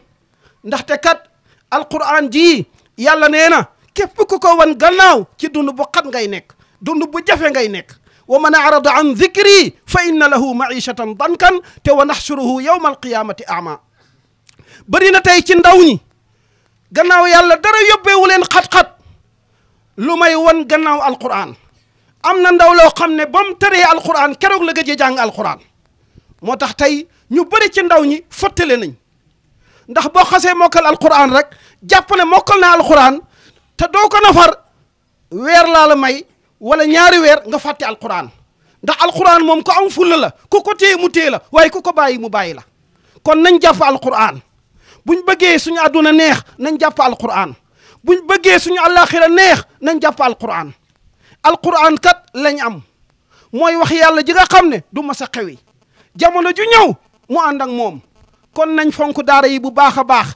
ndaxte kat alquran ji yàlla nee na képp ku ko wan gannaaw ci dund bu xat ngay nekk dund bu jafe ngay nekk wa man arada an dhikri fa inna lahu maishatan dankan te wa naxsuruhu yawma alqiyamati ama bëri na tey ci ndaw ñi gannaaw yàlla dara yóbbeewu leen xat-xat lu may wan gannaaw alquran am na ndaw loo xam ne ba mu tëree alxuraan keroog la gëj a jàng alxuraan moo tax tey ñu bëri ci ndaw ñi fottale nañ ndax boo xasee mokkal alxuraan rek jàpp ne mokkal naa alxuraan te doo ko nafar weer laa la may wala ñaari weer nga fàtte alxuraan ndax alxuraan moom ku am fulla la ku ko téye mu téye la waaye ku ko bàyyi mu bàyyi la kon nañ jàpp alxuraan buñ bëggee suñu àdduna neex nañ jàpp alxuraan buñ bëggee suñu àllaaxira neex nañ jàpp alxuraan alquran kat lañ am mooy wax yàlla ji nga xam ne du mas a xewi jamono ju ñëw mu ànd ak moom kon nañ fonk daara yi bu baax a baax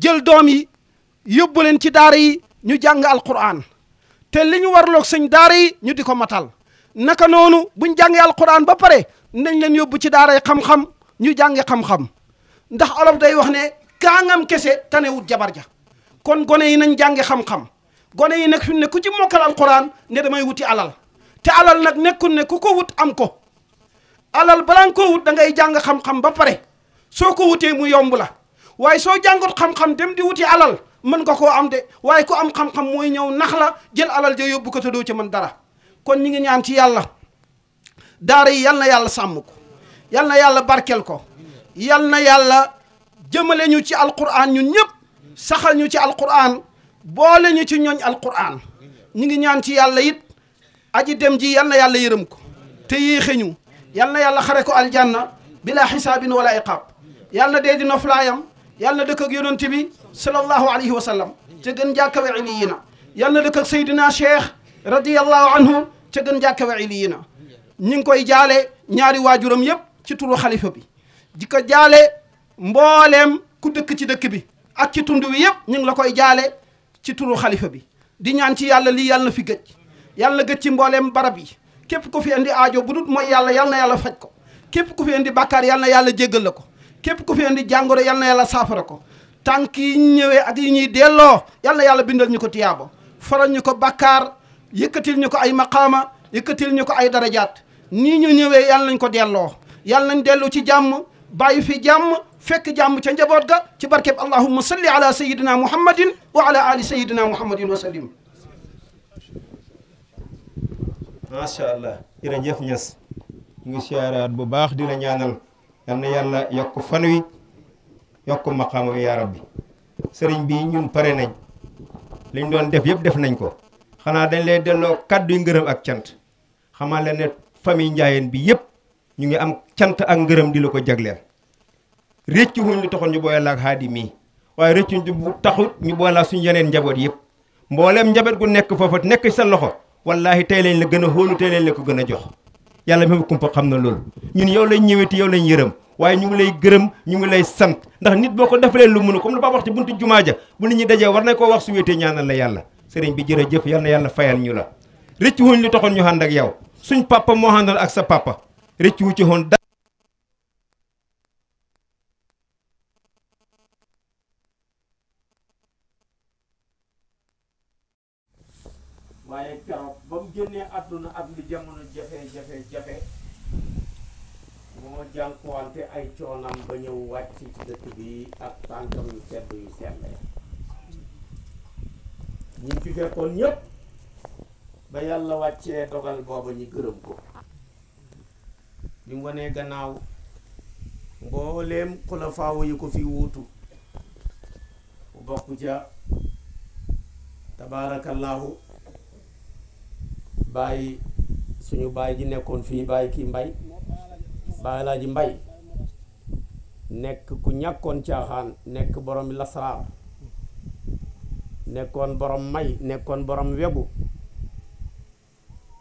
jël doom yi yóbbu leen ci daara yi ñu jàng alquran te li ñu war warloog sëñ daara yi ñu di ko matal naka noonu buñ jàngee alquran ba pare nañ leen yóbbu ci daara yi xam-xam ñu jànge xam-xam ndax olof day wax ne kaangam kese tanewut jabar ja kon gone yi nañ jànge xam-xam gone yi nag fi mu ne ku ci mokkal alquran ne damay wuti alal te alal nag nekkul ne ku ko wut am ko alal balaa ko wut da ngay jàng xam-xam ba pare soo ko wutee mu yomb la waaye soo jàngot xam-xam dem di wuti alal mën nga koo am de waaye ku am xam-xam mooy ñëw nax la jël alal ja yóbbu ko te doo ci mën dara kon ñi ngi ñaan ci yàlla daara yi yal na yàlla sàmm ko yal na yàlla barkel ko yal na yàlla jëmale ñu ci alquran ñun ñëpp saxal ñu ci alquran boole ñu ci ñooñ alquran ñi ngi ñaan ci yàlla it aji dem ji yàlla yàlla yërëm ko te yéexe ñu yàlla xare ko aljanna bila xisaabin wala iqaab yàlla na dee di noflaayam yàlla dëkk ak yonent bi sallallahu alayhi wa sallam ca gën jàkkawe iliyina yàlla dëkk ak Seydina Cheikh radiyallahu anhu ca gën jàkkawe iliyina ñi ngi koy jaale ñaari waajuram yëpp ci turu xalifa bi di ko jaale mbooleem ku dëkk ci dëkk bi ak ci tund wi yëpp ñu ngi la koy jaale. ci turu xalifa bi di ñaan ci yàlla lii yàlla na fi gëj yàlla na gëj ci mbooleem barab yi képp ku fi indi aajo bu dut mooy yàlla yàlla yàlla faj ko képp ku fi indi bàkkaar yàlla na yàlla jéggal la ko képp ko fi indi jàngoro yàlla na yàlla saafara ko tànk yi ñëwee ak yi ñuy delloo yàlla yàlla bindal ñu ko tiyaabo faral ñu ko bàkkaar yëkkatil ñu ko ay maqaama yëkkatil ñu ko ay darajaat nii ñu ñëwee yàlla nañ ko delloo yàlla nañ dellu ci jàmm bàyyi fi jàmm fekk jàmm ca njaboot ga ci barkeb allahumma salli ala sayidina muhammadin wa ala ali sayidina muhammadin wa sallim macha allah jef ñes ngi siyaaraat bu baax dina ñaanal yal na yàlla yokk fan wi yokk maqaama wi yaa rabbi sëriñ bi ñun pare nañ liñ doon def yëpp def nañ ko xanaa dañ lay delloo kàddu yu ngërëm ak cant xamaa leen ne famille njaayeen bi yëpp ñu ngi am cant ak ngërëm di la ko jagleel réccu wuñ lu taxoon ñu booy laak haadi mii waaye réccuñ bu taxut ñu booy laak yeneen njaboot yëpp mbooleem njaboot gu nekk foofa nekk sa loxo wallaahi tey lañ la gën a xóolu tey ko gën a jox yàlla même kumpa xam na loolu ñun yow lañ ñëweti yow lañ yërëm waaye ñu ngi lay gërëm ñu ngi lay sant ndax nit boo ko defalee lu mënu comme lu ba wax ci buntu jumaa ja bu nit war na koo wax su wéetee la yàlla sëriñ bi jërëjëf yal na yàlla fayal ñu la rëcc wuñ li taxoon ñu ànd ak yow suñ papa moo àndoon ak sa papa rëcc wu ci woon dara waaye keroog ba mu génnee àdduna ak li jamono jafe-jafe-jafe moo jànkuwante ay coonam ba ñëw wàcc ci dëkk bi ak tànkam yu sedd yu sell ñi fi fekkoon ñépp ba yàlla wàccee dogal boobu ñu gërëm ko bi mu wanee gannaaw mbooleem xulafaawu yi ko fi wuutu bu bokk tabaarakallaahu bàyyi suñu bàyyi ji nekkoon fii bàyyi ki mbay bàyyi laa ji mbay nekk ku ñàkkoon caaxaan nekk borom lasraar nekkoon borom may nekkoon borom wegu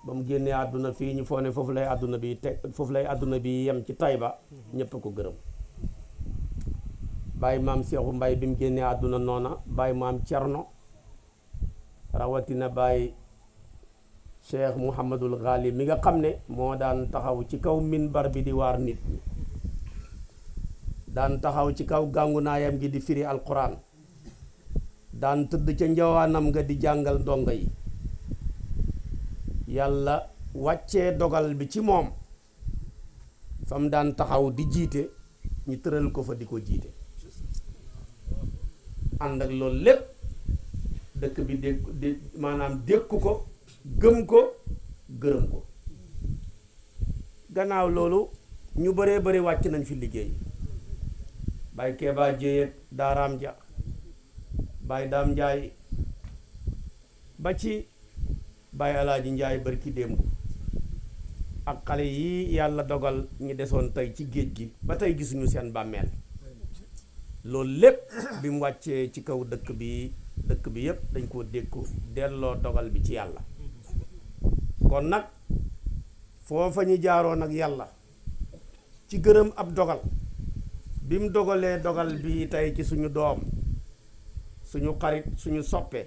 ba génné aduna fi ñu foone fofu lay aduna bi teg fofu lay aduna bi yam ci Tayba ñepp ko gëreum bay mam cheikhou Mbay bim génné aduna nona bay mam tierno rawatina bay Cheikh muhammadul Ghali mi nga xamné mo daan taxaw ci kaw minbar bi di war nit daan taxaw ci kaw ganguna yam gi di firi alquran daan tudd ci njawaanam nga di jangal ndongay yàlla wàccee dogal bi ci moom fa mu daan taxaw di jiite ñu tëral ko fa di ko jiite ànd ak loolu lépp dëkk bi dékk maanaam dékku ko gëm ko gërëm ko gannaaw loolu ñu bëree bëri wàcc nañ fi liggéey Baye Keba Jéyeeg Daaraam Ja Baye Daam Njaay ba ci Baye Alaaji Njaay barki démb ak xale yi yàlla dogal ñu desoon tey ci géej gi ba tey gisuñu seen bàmmeel loolu lépp bi mu wàccee ci kaw dëkk bi dëkk bi yépp dañ koo dékku delloo dogal bi ci yàlla kon nag foofa ñu jaaroon ak yàlla ci gërëm ab dogal bi mu dogalee dogal bi tey ci suñu doom suñu xarit suñu soppe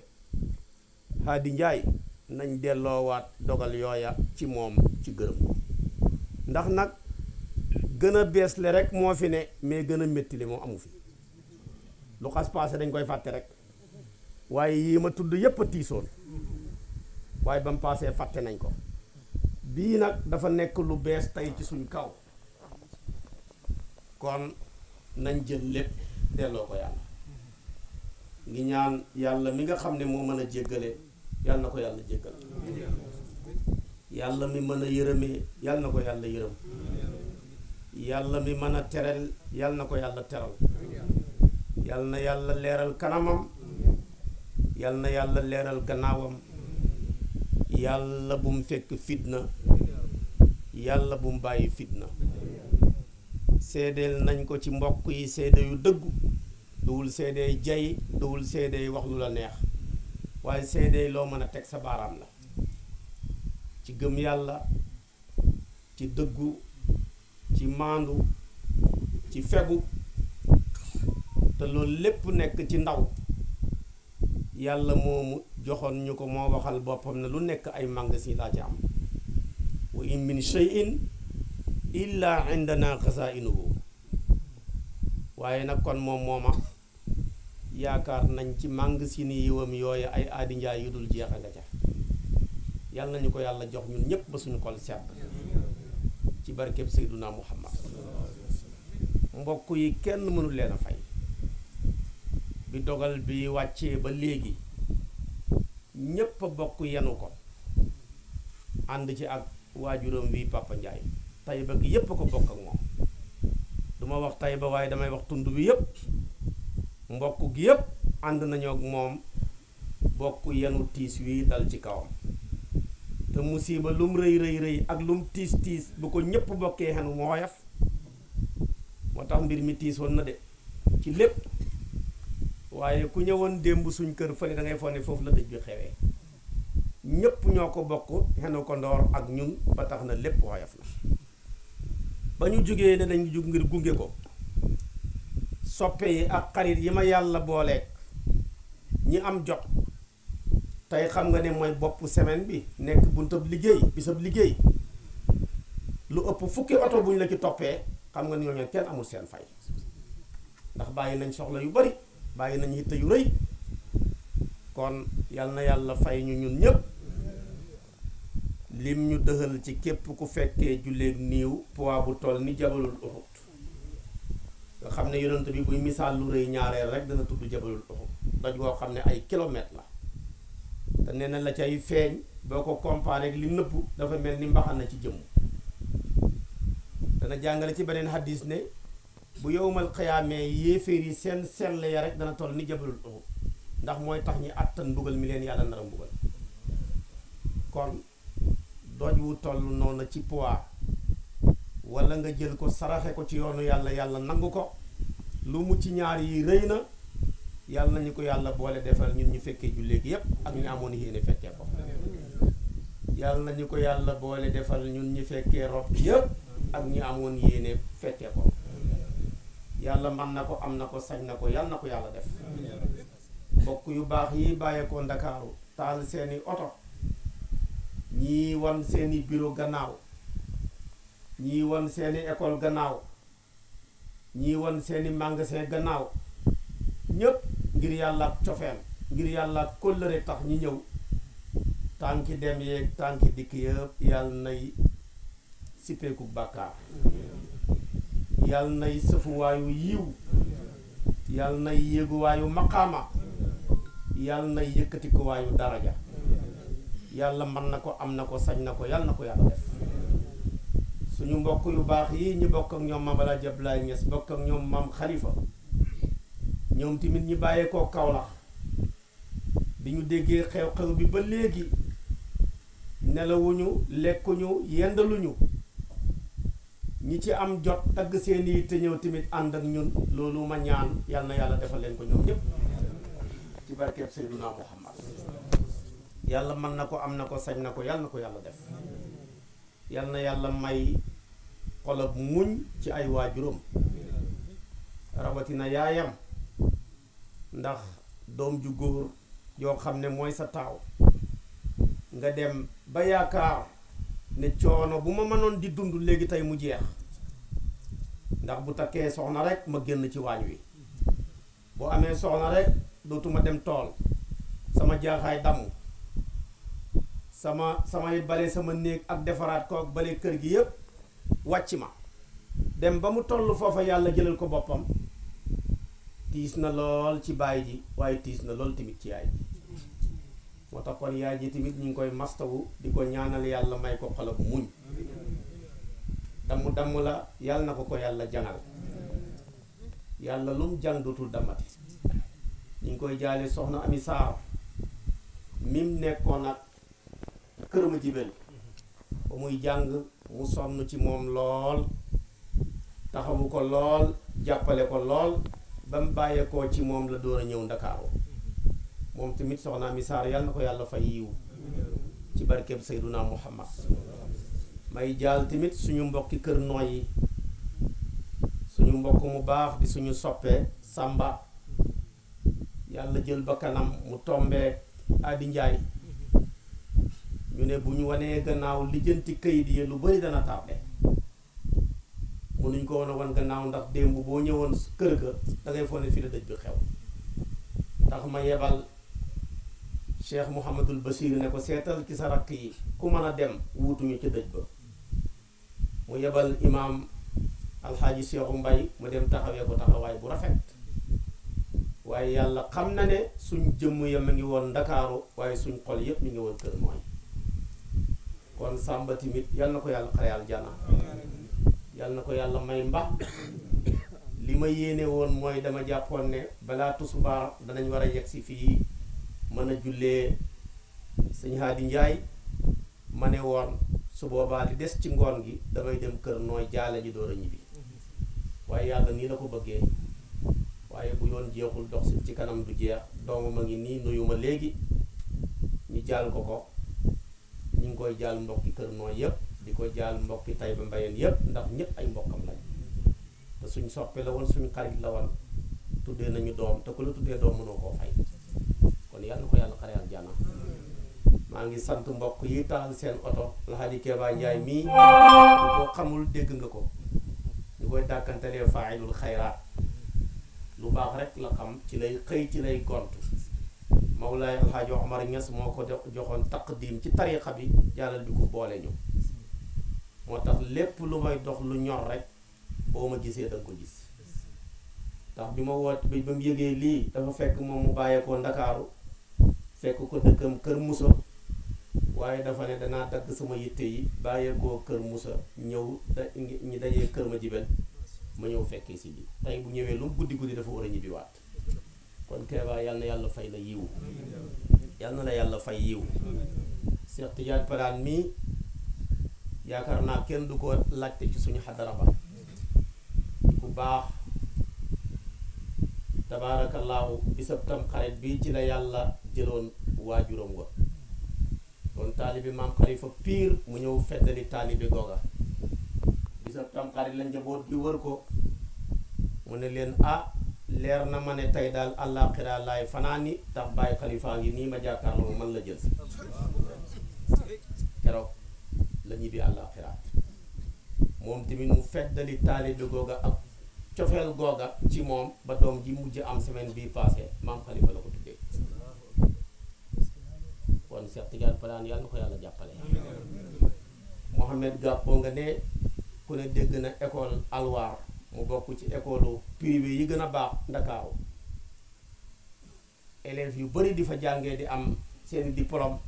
Hady njaay nañ delloowaat dogal yooya ci moom ci gërëm ko ndax nag gën a bees le rek moo fi ne mais gën a métti li moo amu fi lu xas passé dañ koy fàtte rek waaye yii ma tudd yépp a tiisoon waaye ba mu passé fàtte nañ ko bii nag dafa nekk lu bees tey ci suñ kaw kon nañ jël lépp delloo ko yàlla ngi ñaan yàlla mi nga xam ne moo mën a jéggale yàlla na ko yàlla jéggal yàlla mi mën a yërëmee yàlla na ko yàlla yërëm yàlla mi mën a terel yàlla na ko yàlla teral yàlla na yàlla leeral kanamam yàlla na yàlla leeral gannaawam yàlla bu mu fekk fitna yàlla bu bàyyi fitna seedeel nañ ko ci mbokk yi seede yu dëggu duwul seede jay duwul seede wax la neex waaye seede loo mën a teg sa baaraam la ci gëm yàlla ci dëggu ci maandu ci fegu te loolu lépp nekk ci ndaw yàlla moomu joxoon ñu ko moo waxal boppam ne lu nekk ay magasin laa ci am illa indana waaye nag kon moom mooma yaakaar nañ ci màng si ni yiwam yooyu ay aadi njaay yu dul jeex nga ca yàlla nañu ko yàlla jox ñun ñëpp ba suñu kol sedd ci barkeb sayduna muhammad mbokk yi kenn mënu leen a fay bi dogal bi wàccee ba léegi ñépp bokk yenu ko ànd ci ak waajuram wi papa njaay tay ba yépp a ko bokk ak moom duma wax ba waaye damay wax tund bi yépp mbokk gi yépp ànd nañu ak moom bokk yenu tiis wi dal ci kawam te musiba lum rëy rëy rëy ak lum tiis tiis bu ko ñépp bokkee xenu mu woyof moo tax mbir mi tiisoon na de ci lépp waaye ku ñëwoon démb suñ kër fan yi ngay foog foofu la dëj bi xewee ñépp ñoo ko bokk xenu ko ndoor ak ñun ba tax na lépp woyof na ba ñu jógee ne dañu jóg ngir gunge ko soppe yi ak xarit yi ma yàlla booleeg ñi am jot tey xam nga ne mooy bopp semaine bi nekk buntab liggéey bisab liggéey lu ëpp fukki oto bu ñu la ci toppee xam nga ni ñooñu kenn amul seen fay ndax bàyyi nañ soxla yu bari bàyyi nañ yitte yu rëy kon yal na yàlla fay ñu ñun ñépp lim ñu dëxal ci képp ku fekkee julleeg niiw poids bu toll ni jabalul Uhud nga xam ne yonent bi buy misaal lu rëy ñaareel rek dana tudd jabalul Uhud daj woo xam ne ay kilomètre la te nee na la cay feeñ boo ko comparé ak li nëpp dafa mel ni mbaxal na ci jëmm dana jàngale ci beneen hadis ne bu yowmal xiyaamee yéeféer yi seen la ya rek dana toll ni jabalul Uhud ndax mooy tax ñi attan mbugal mi leen yàlla nar a mbugal kon doj wu toll noonu ci poids walla nga jël ko saraxe ko ci yoonu yàlla yàlla nangu ko lu mu ci ñaar yi rëy na yàlla nañu ko yàlla boole defal ñun ñu fekkee julleegi yépp ak ñu amoon fekkee ko yàlla nañu ko yàlla boole defal ñun ñu fekkee rob yépp ak ñu amoon yéene fekkee ko yàlla mën na ko am na ko sañ na ko yàlla na ko yàlla def mbokk yu baax yi bàyyeekoo ndakaaru taal seeni oto ñii wan seeni bureau gannaaw ñii won seeni école gannaaw ñii won seeni magasin gannaaw ñépp ngir yàlla ak cofeel ngir yàlla ak kóllëre tax ñi ñëw tànki dem yeeg tànki dikk yëpp yàlla nay sippeeku bàkkaar yàlla nay sëfuwaayu yiw yàlla nay yéeguwaayu maqaama yàlla nay yëkkatikuwaayu daraja yàlla man na ko am na ko sañ na ko yàlla na ko yàlla def ñu mbokk lu baax yi ñu bokk ñoom maam balaa Abdoulaye Niass bokk ak ñoom maam Khalifa ñoom tamit ñi bàyyeekoo Kaolack bi ñu déggee xew-xew bi ba léegi nelawuñu lekkuñu yendaluñu ñi ci am jot tagg seen yi te ñëw tamit ànd ak ñun loolu ma ñaan yal na yàlla defal leen ko ñoom ñëpp ci barkeeb Seyduna Muhammad yàlla mën na ko am na ko sañ na ko yal na ko yàlla def yal yàlla may wala muñ ci ay rawati na yaayam ndax dom ju goor yo xamne moy sa taw nga dem ba yaakar ne choono buma manon di dund léegi tay mu jeex ndax bu takke soxna rek ma genn ci waañ wi bo amé soxna rek dootuma dem tol sama jaaxaay dam sama samay sama neek ak defaraat ko ak bale kër gi yépp wàcc ma dem ba mu toll foofa yàlla jëlal ko boppam tiis na lool ci bàyyi ji waaye tiis na lool tamit ci yaay ji moo tax kon yaay ji tamit ñu ngi koy mastawu di ko ñaanal yàlla may ko xol ak muñ damm damm la yàlla na ko ko yàlla jangal yàlla lu mu jàng dootul damati ñu ngi koy jaale soxna ami saar mim nekkoon ak kër ma jibel ba muy jàng mu sonn ci moom lool taxawu ko lool jàppale ko lool ba mu bàyyeekoo ci moom la door a ñëw ndakaaru moom tamit soxnaa mi saar yàlla ko yàlla fa yiw ci barkeb Seyduna Muhammad may jaal tamit suñu mbokk kër nooy suñu mbokk mu baax di suñu soppee Samba yàlla jël ba kanam mu tombee Adi ñu ne bu ñu wanee gannaaw lijjanti kayit yi lu bari dana tardé mënuñ ko wan a wan gannaaw ndax démb boo ñëwoon kër ga da ngay foog ne fii la dëj bi xew tax ma yebal Cheikh Mouhamadul Basir ne ko seetal ci sa rakk yi ku mën a dem wutuñu ca dëj ba mu yebal imaam alxaaji Seexu Mbay mu dem taxawee ko taxawaay bu rafet waaye yàlla xam na ne suñ jëm ya mu ngi woon ndakaaru waaye suñ xol yépp ñu ngi woon kër mooy kon Samba tamit yal na ko yàlla xare aljana yal na ko yàlla may mbax li ma yéene woon mooy dama jàppoon ne balaa tusubaar danañ war a yegg si fii mën a jullee sëñ Haadi Njaay ma ne woon su boobaa di des ci ngoon gi damay dem kër nooy jaale ji door a ñibbi waaye yàlla nii la ko bëggee waaye bu yoon jeexul dox si ci kanam du jeex doomam a ngi nii nuyu léegi ñu jaal ko ko ñu ngi koy jaal mbokki kër nooy yëpp di ko jaal mbokki ba Mbayeen yëpp ndax ñëpp ay mbokkam lañ te suñ soppe la woon suñu xarit la woon tuddee nañu doom te ku la tuddee doom mënoo koo fay kon yàlla ko yàlla xare aljana maa ngi sant mbokk yi taal seen oto Alxaaji Keeba Njaay mii bu ko xamul dégg nga ko ñu koy dàkkantelee faayilul xayraat lu baax rek la xam ci lay xëy ci lay gont al hajj Omar Ñas moko ko taqdim ci tariqa bi yalla di ko bolé ñu motax lepp lu may dox lu ñor rek bo ma gisé da ko gis tax bi ma bi bam mu li lii dafa fekk mom mu ko dakaru fekk ko dëkkam kër musa waye dafa ne dana dagg sama yitté yi ko kër musa ñew da ñi dajee kër ma jibel ma ñew fekké ci bi tay bu ñewé lu mu guddi guddi dafa wara ñibi ñibbiwaat kon Keba yal na yàlla fay la yiw yal na la yàlla fay yiw Cheikh Tidiane Palane mii yaakaar naa kenn du ko laajte ci suñu xadara ba ku baax tabaarakallaahu bisab tam xarit bii ci la yàlla jëloon waajuram wa kon taalibi maam xalifa piir mu ñëw feddali taalibi googa bisab tam la njaboot bi wër ko mu ne leen ah leer na ma ne tey daal àllaaxira laay fanaan ni tax bàyyi xalifaa ngi nii ma jàkkaarloo man la jël keroog la ñibbi àllaaxira moom tamit mu feddali taalibe googa ak cofeel googa ci moom ba doom ji mujj am semaine bii passé maam xalifa la ko tuddee kon Cheikh Tidiane Palane yàlla ko yàlla jàppale Mohamed Gàppo nga ne ku ne dégg na école alwaar mu bokk ci école privé yi gëna baax dakar élève yu bari di fa jàngé di am seen diplôme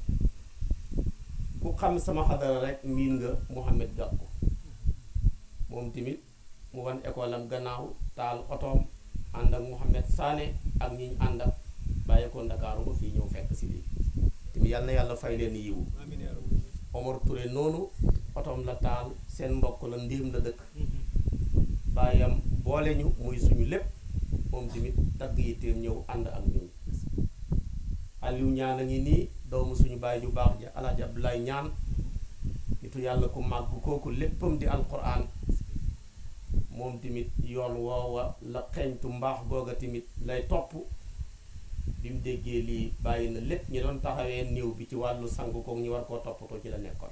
ku xam sama xadara rek miin nga Mouhamed gakko moom timit mu wan école am gannaaw taal otoom and ak Mouhamed Sané ak ñi ñu ànd ak bàyyi ko dakar ba fii ñëw fekk si lii yàlla na fay leen yiwu Omar Touré noonu otom la taal sen mbokk la ndéem la dëkk hmm bayam boole ñu muy suñu mom moom tamit yi yitteem ñew and ak ñun Aliou ñaan a ngi nii doomu suñu baye ju baax ja alaaji Abdoulaye ñaan nitu yàlla ku màgg kooku leppam di alquran moom timit yoon woowa la xeeñtu mbax goga timit lay top bim mu li lii bàyyi na lépp ñi doon taxawé néew bi ci walu sang ko ñi war koo toppatoo ci la nekkon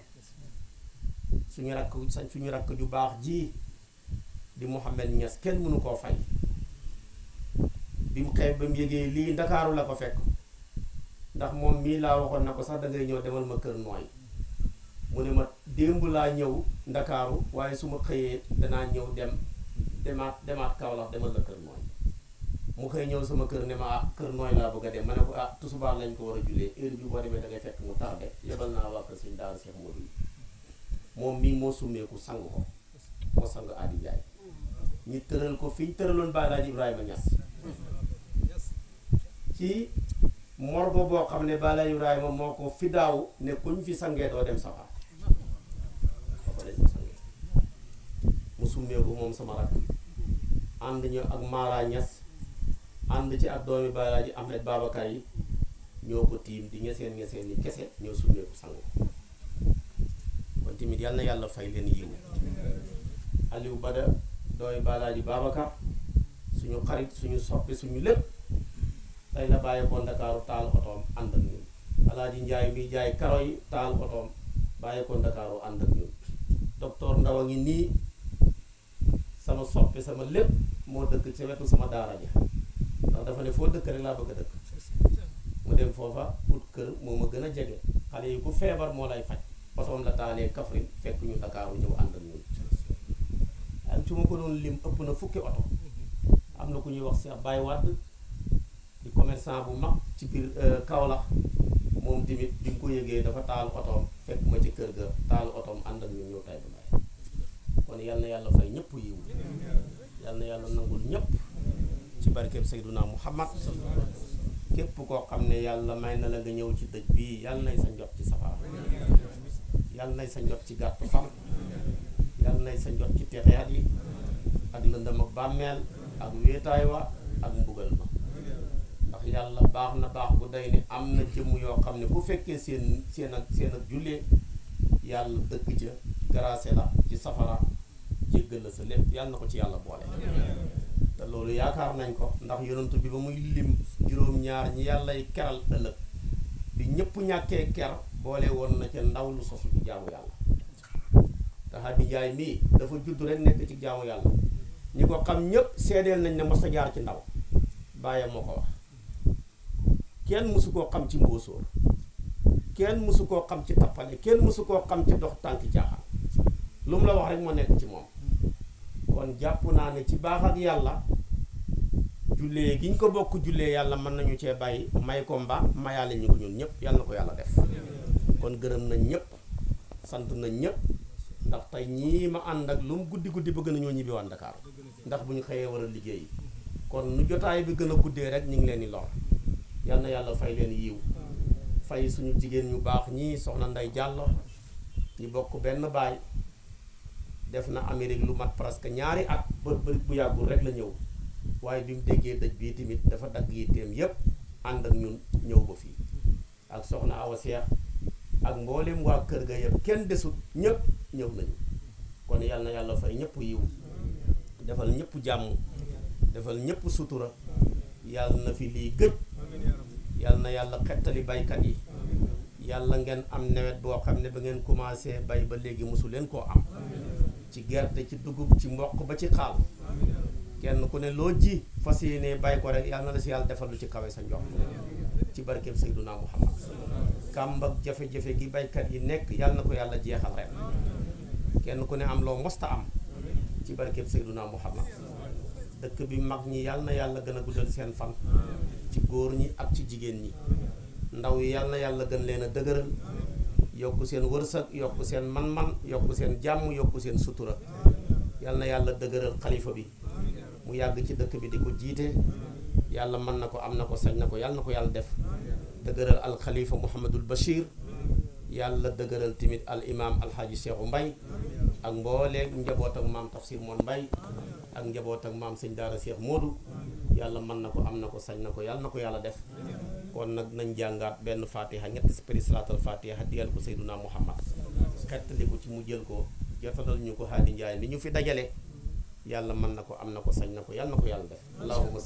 suñu rak suñu rak ju baax ji di Mouhamed ñas kenn mënu koo fay bi mu xeeb ba mu yëgee lii ndakaaru la ko fekk ndax moom mii laa waxoon na ko sax dangay ñëw demal ma kër nooy mu ne ma démb laa ñëw ndakaaru waaye su ma xëyee danaa ñëw dem demaat demaat Kaolack demal kër mu xëy ñëw sama kër ne ma ah kër nooy laa a ne ko ah tusubaar lañ ko war a jullee heure bi boo demee dangay fekk mu tardé yebal moom mii moo summeeku sang ko moo sang Adi ñu tëral ko fi ñu tëraloon baalaaj Ibrahima Niass ci morgo boo xam ne baalaaj Ibrahima moo ko fi daaw ne kuñ fi sangee doo dem safara booba mu summeeku moom sama rakk ànd ñu ak Mara Niass ànd ci at doomi baalaaj Ahmed Babacar yi ñoo ko tiim di ñeseen ñeseen ni kese ñoo summeeku sangu kon tamit yal yàlla fay leen yiw Aliou Bada doy balaji Babacar suñu xarit suñu soppi suñu lépp tey la bàyyeekoo Ndakaaru tal otoom and ak ñun alaaji Njaay mi jaay karo yi taal baye bàyyeekoo dakaru and ak ñun docteur Ndaw ngi ni sama soppi sama lepp mo dëkk ci wetu sama daara ja da dafa ne fo dëkk rek la bëgg dëkk mu dem fofa ut kër moo ma gën a yi ku feebar lay faj otoom la tané Kaffrine fekk ñu dakaru ñu and ak ñun su ma ko doon lim ëpp na fukki oto am na ku ñuy wax Cheikh Baye Wade di commerçant bu mag ci biir kaw euh, Kaolack moom tamit bi mu ko yëgee dafa taal otoom fekk ma ci kër ga taal otoom ànd ak ñu ñëw tay kon yal yàlla fay ñëpp yiw yal na yàlla nangul ñëpp ci barkeeb Seyduna Muhammad képp ko xam ne yàlla may na la nga ñëw ci dëj bii yal nay sa njot ci safara yal nay sa njot ci gàttu fan yàlla nay sa njot ci texeet yi ak lëndam ak bàmmeel ak wéetaay wa ak mbugal ma ndax yàlla baax na baax bu day ni am na jëmm yoo xam ne bu fekkee seen seen ak seen ak jullee yàlla dëkk ca garaase la ci safara jéggal la sa lépp yàlla na ko ci yàlla boole te loolu yaakaar nañ ko ndax yonantu bi ba muy lim juróom-ñaar ñi yàllay keral ëllëg bi ñëpp ñàkkee ker boole woon na ca ndaw lu sosu ci jaamu yàlla Hadi Njaay mii dafa judd rek nekk ci jaamu yàlla ñi ko xam ñépp seedeel nañ ne mos a ci ndaw bàyyam moo ko wax kenn mësu koo xam ci mbóosóor kenn mësu koo xam ci tappale kenn mësu koo xam ci dox tànk caaxaan lu mu la wax rek moo nekk ci moom kon jàpp naa ne ci baax ak yàlla jullee gi ñu ko bokk jullee yàlla mën nañu cee bàyyi may ko mba mayaale ñu ko ñun ñëpp yàlla ko yàlla def kon gërëm nañ ñëpp sant nañ ñëpp tay ñi ma and ak lu gudi guddi guddi bëgg nañoo ñibi waan Dakar ndax buñu ñu wara liggéey kon nu jotaay bi gëna a rek ñing leen ni lor yalla yalla fay leen yiw fay suñu jigen ñu baax ñi soxna nday jallo ñi bokk benn baay def na Amérique lu mat presque ñaari at bër bër bu yàggul rek la ñew waye bimu mu déggee dëj bii tamit dafa yi yitteem yépp and ak ñun ñew ba fi ak soxna Awa cheikh ak mboolem waa kër ga yëpp kenn desut ñëpp ñëw nañu kon yàlla na yàlla fay ñëpp yiw defal ñëpp jàmm defal ñëpp sutura yàlla na fi lii gëj yàlla na yàlla xettali baykat yi yàlla ngeen am nawet boo xam ne ba ngeen commencé bay ba léegi mosu leen koo am ci gerte ci dugub ci mboq ba ci xaal kenn ku ne loo ji fas yéenee bay ko rek yàlla na si yàlla defal lu ci kawe sa njox ci barkeem Seydunaa Muhammad kàmb ak jafe-jafe gi baykat yi nekk yàlla na ko yàlla jeexal ren kenn ku ne am loo mosta am ci barkeb Seyduna Muhammad dëkk bi mag ñi yàlla na yàlla gën a guddal seen fan ci góor ñi ak ci jigéen ñi ndaw yi yàlla na yàlla gën leen a dëgëral yokk seen wërsëg yokk seen man-man yokk seen jàmm yokk seen sutura yàlla na yàlla dëgëral xalifa bi mu yàgg ci dëkk bi di ko jiite yàlla mën na ko am na ko sañ na ko yàlla na ko yàlla def dëgëral al xalifa Mouhamadul Bachir yàlla dëgëral tamit al imaam alxaaji Seexu Mbay ak mbooleeg njaboot ak maam Tafsir Moon Mbay ak njaboot ak maam sëñ Daara Seex Moodu yàlla mën na ko am na ko sañ na ko yàlla na ko yàlla def kon nag nañ jàngaat benn fatiha ñetti spri salaatal fatiha digal ko Seyduna Muhammad xettali ko ci mu jël ko jotalal ko Haadi Njaay li ñu fi dajale yàlla mën na ko am na ko sañ na ko yàlla na ko yàlla def allahumma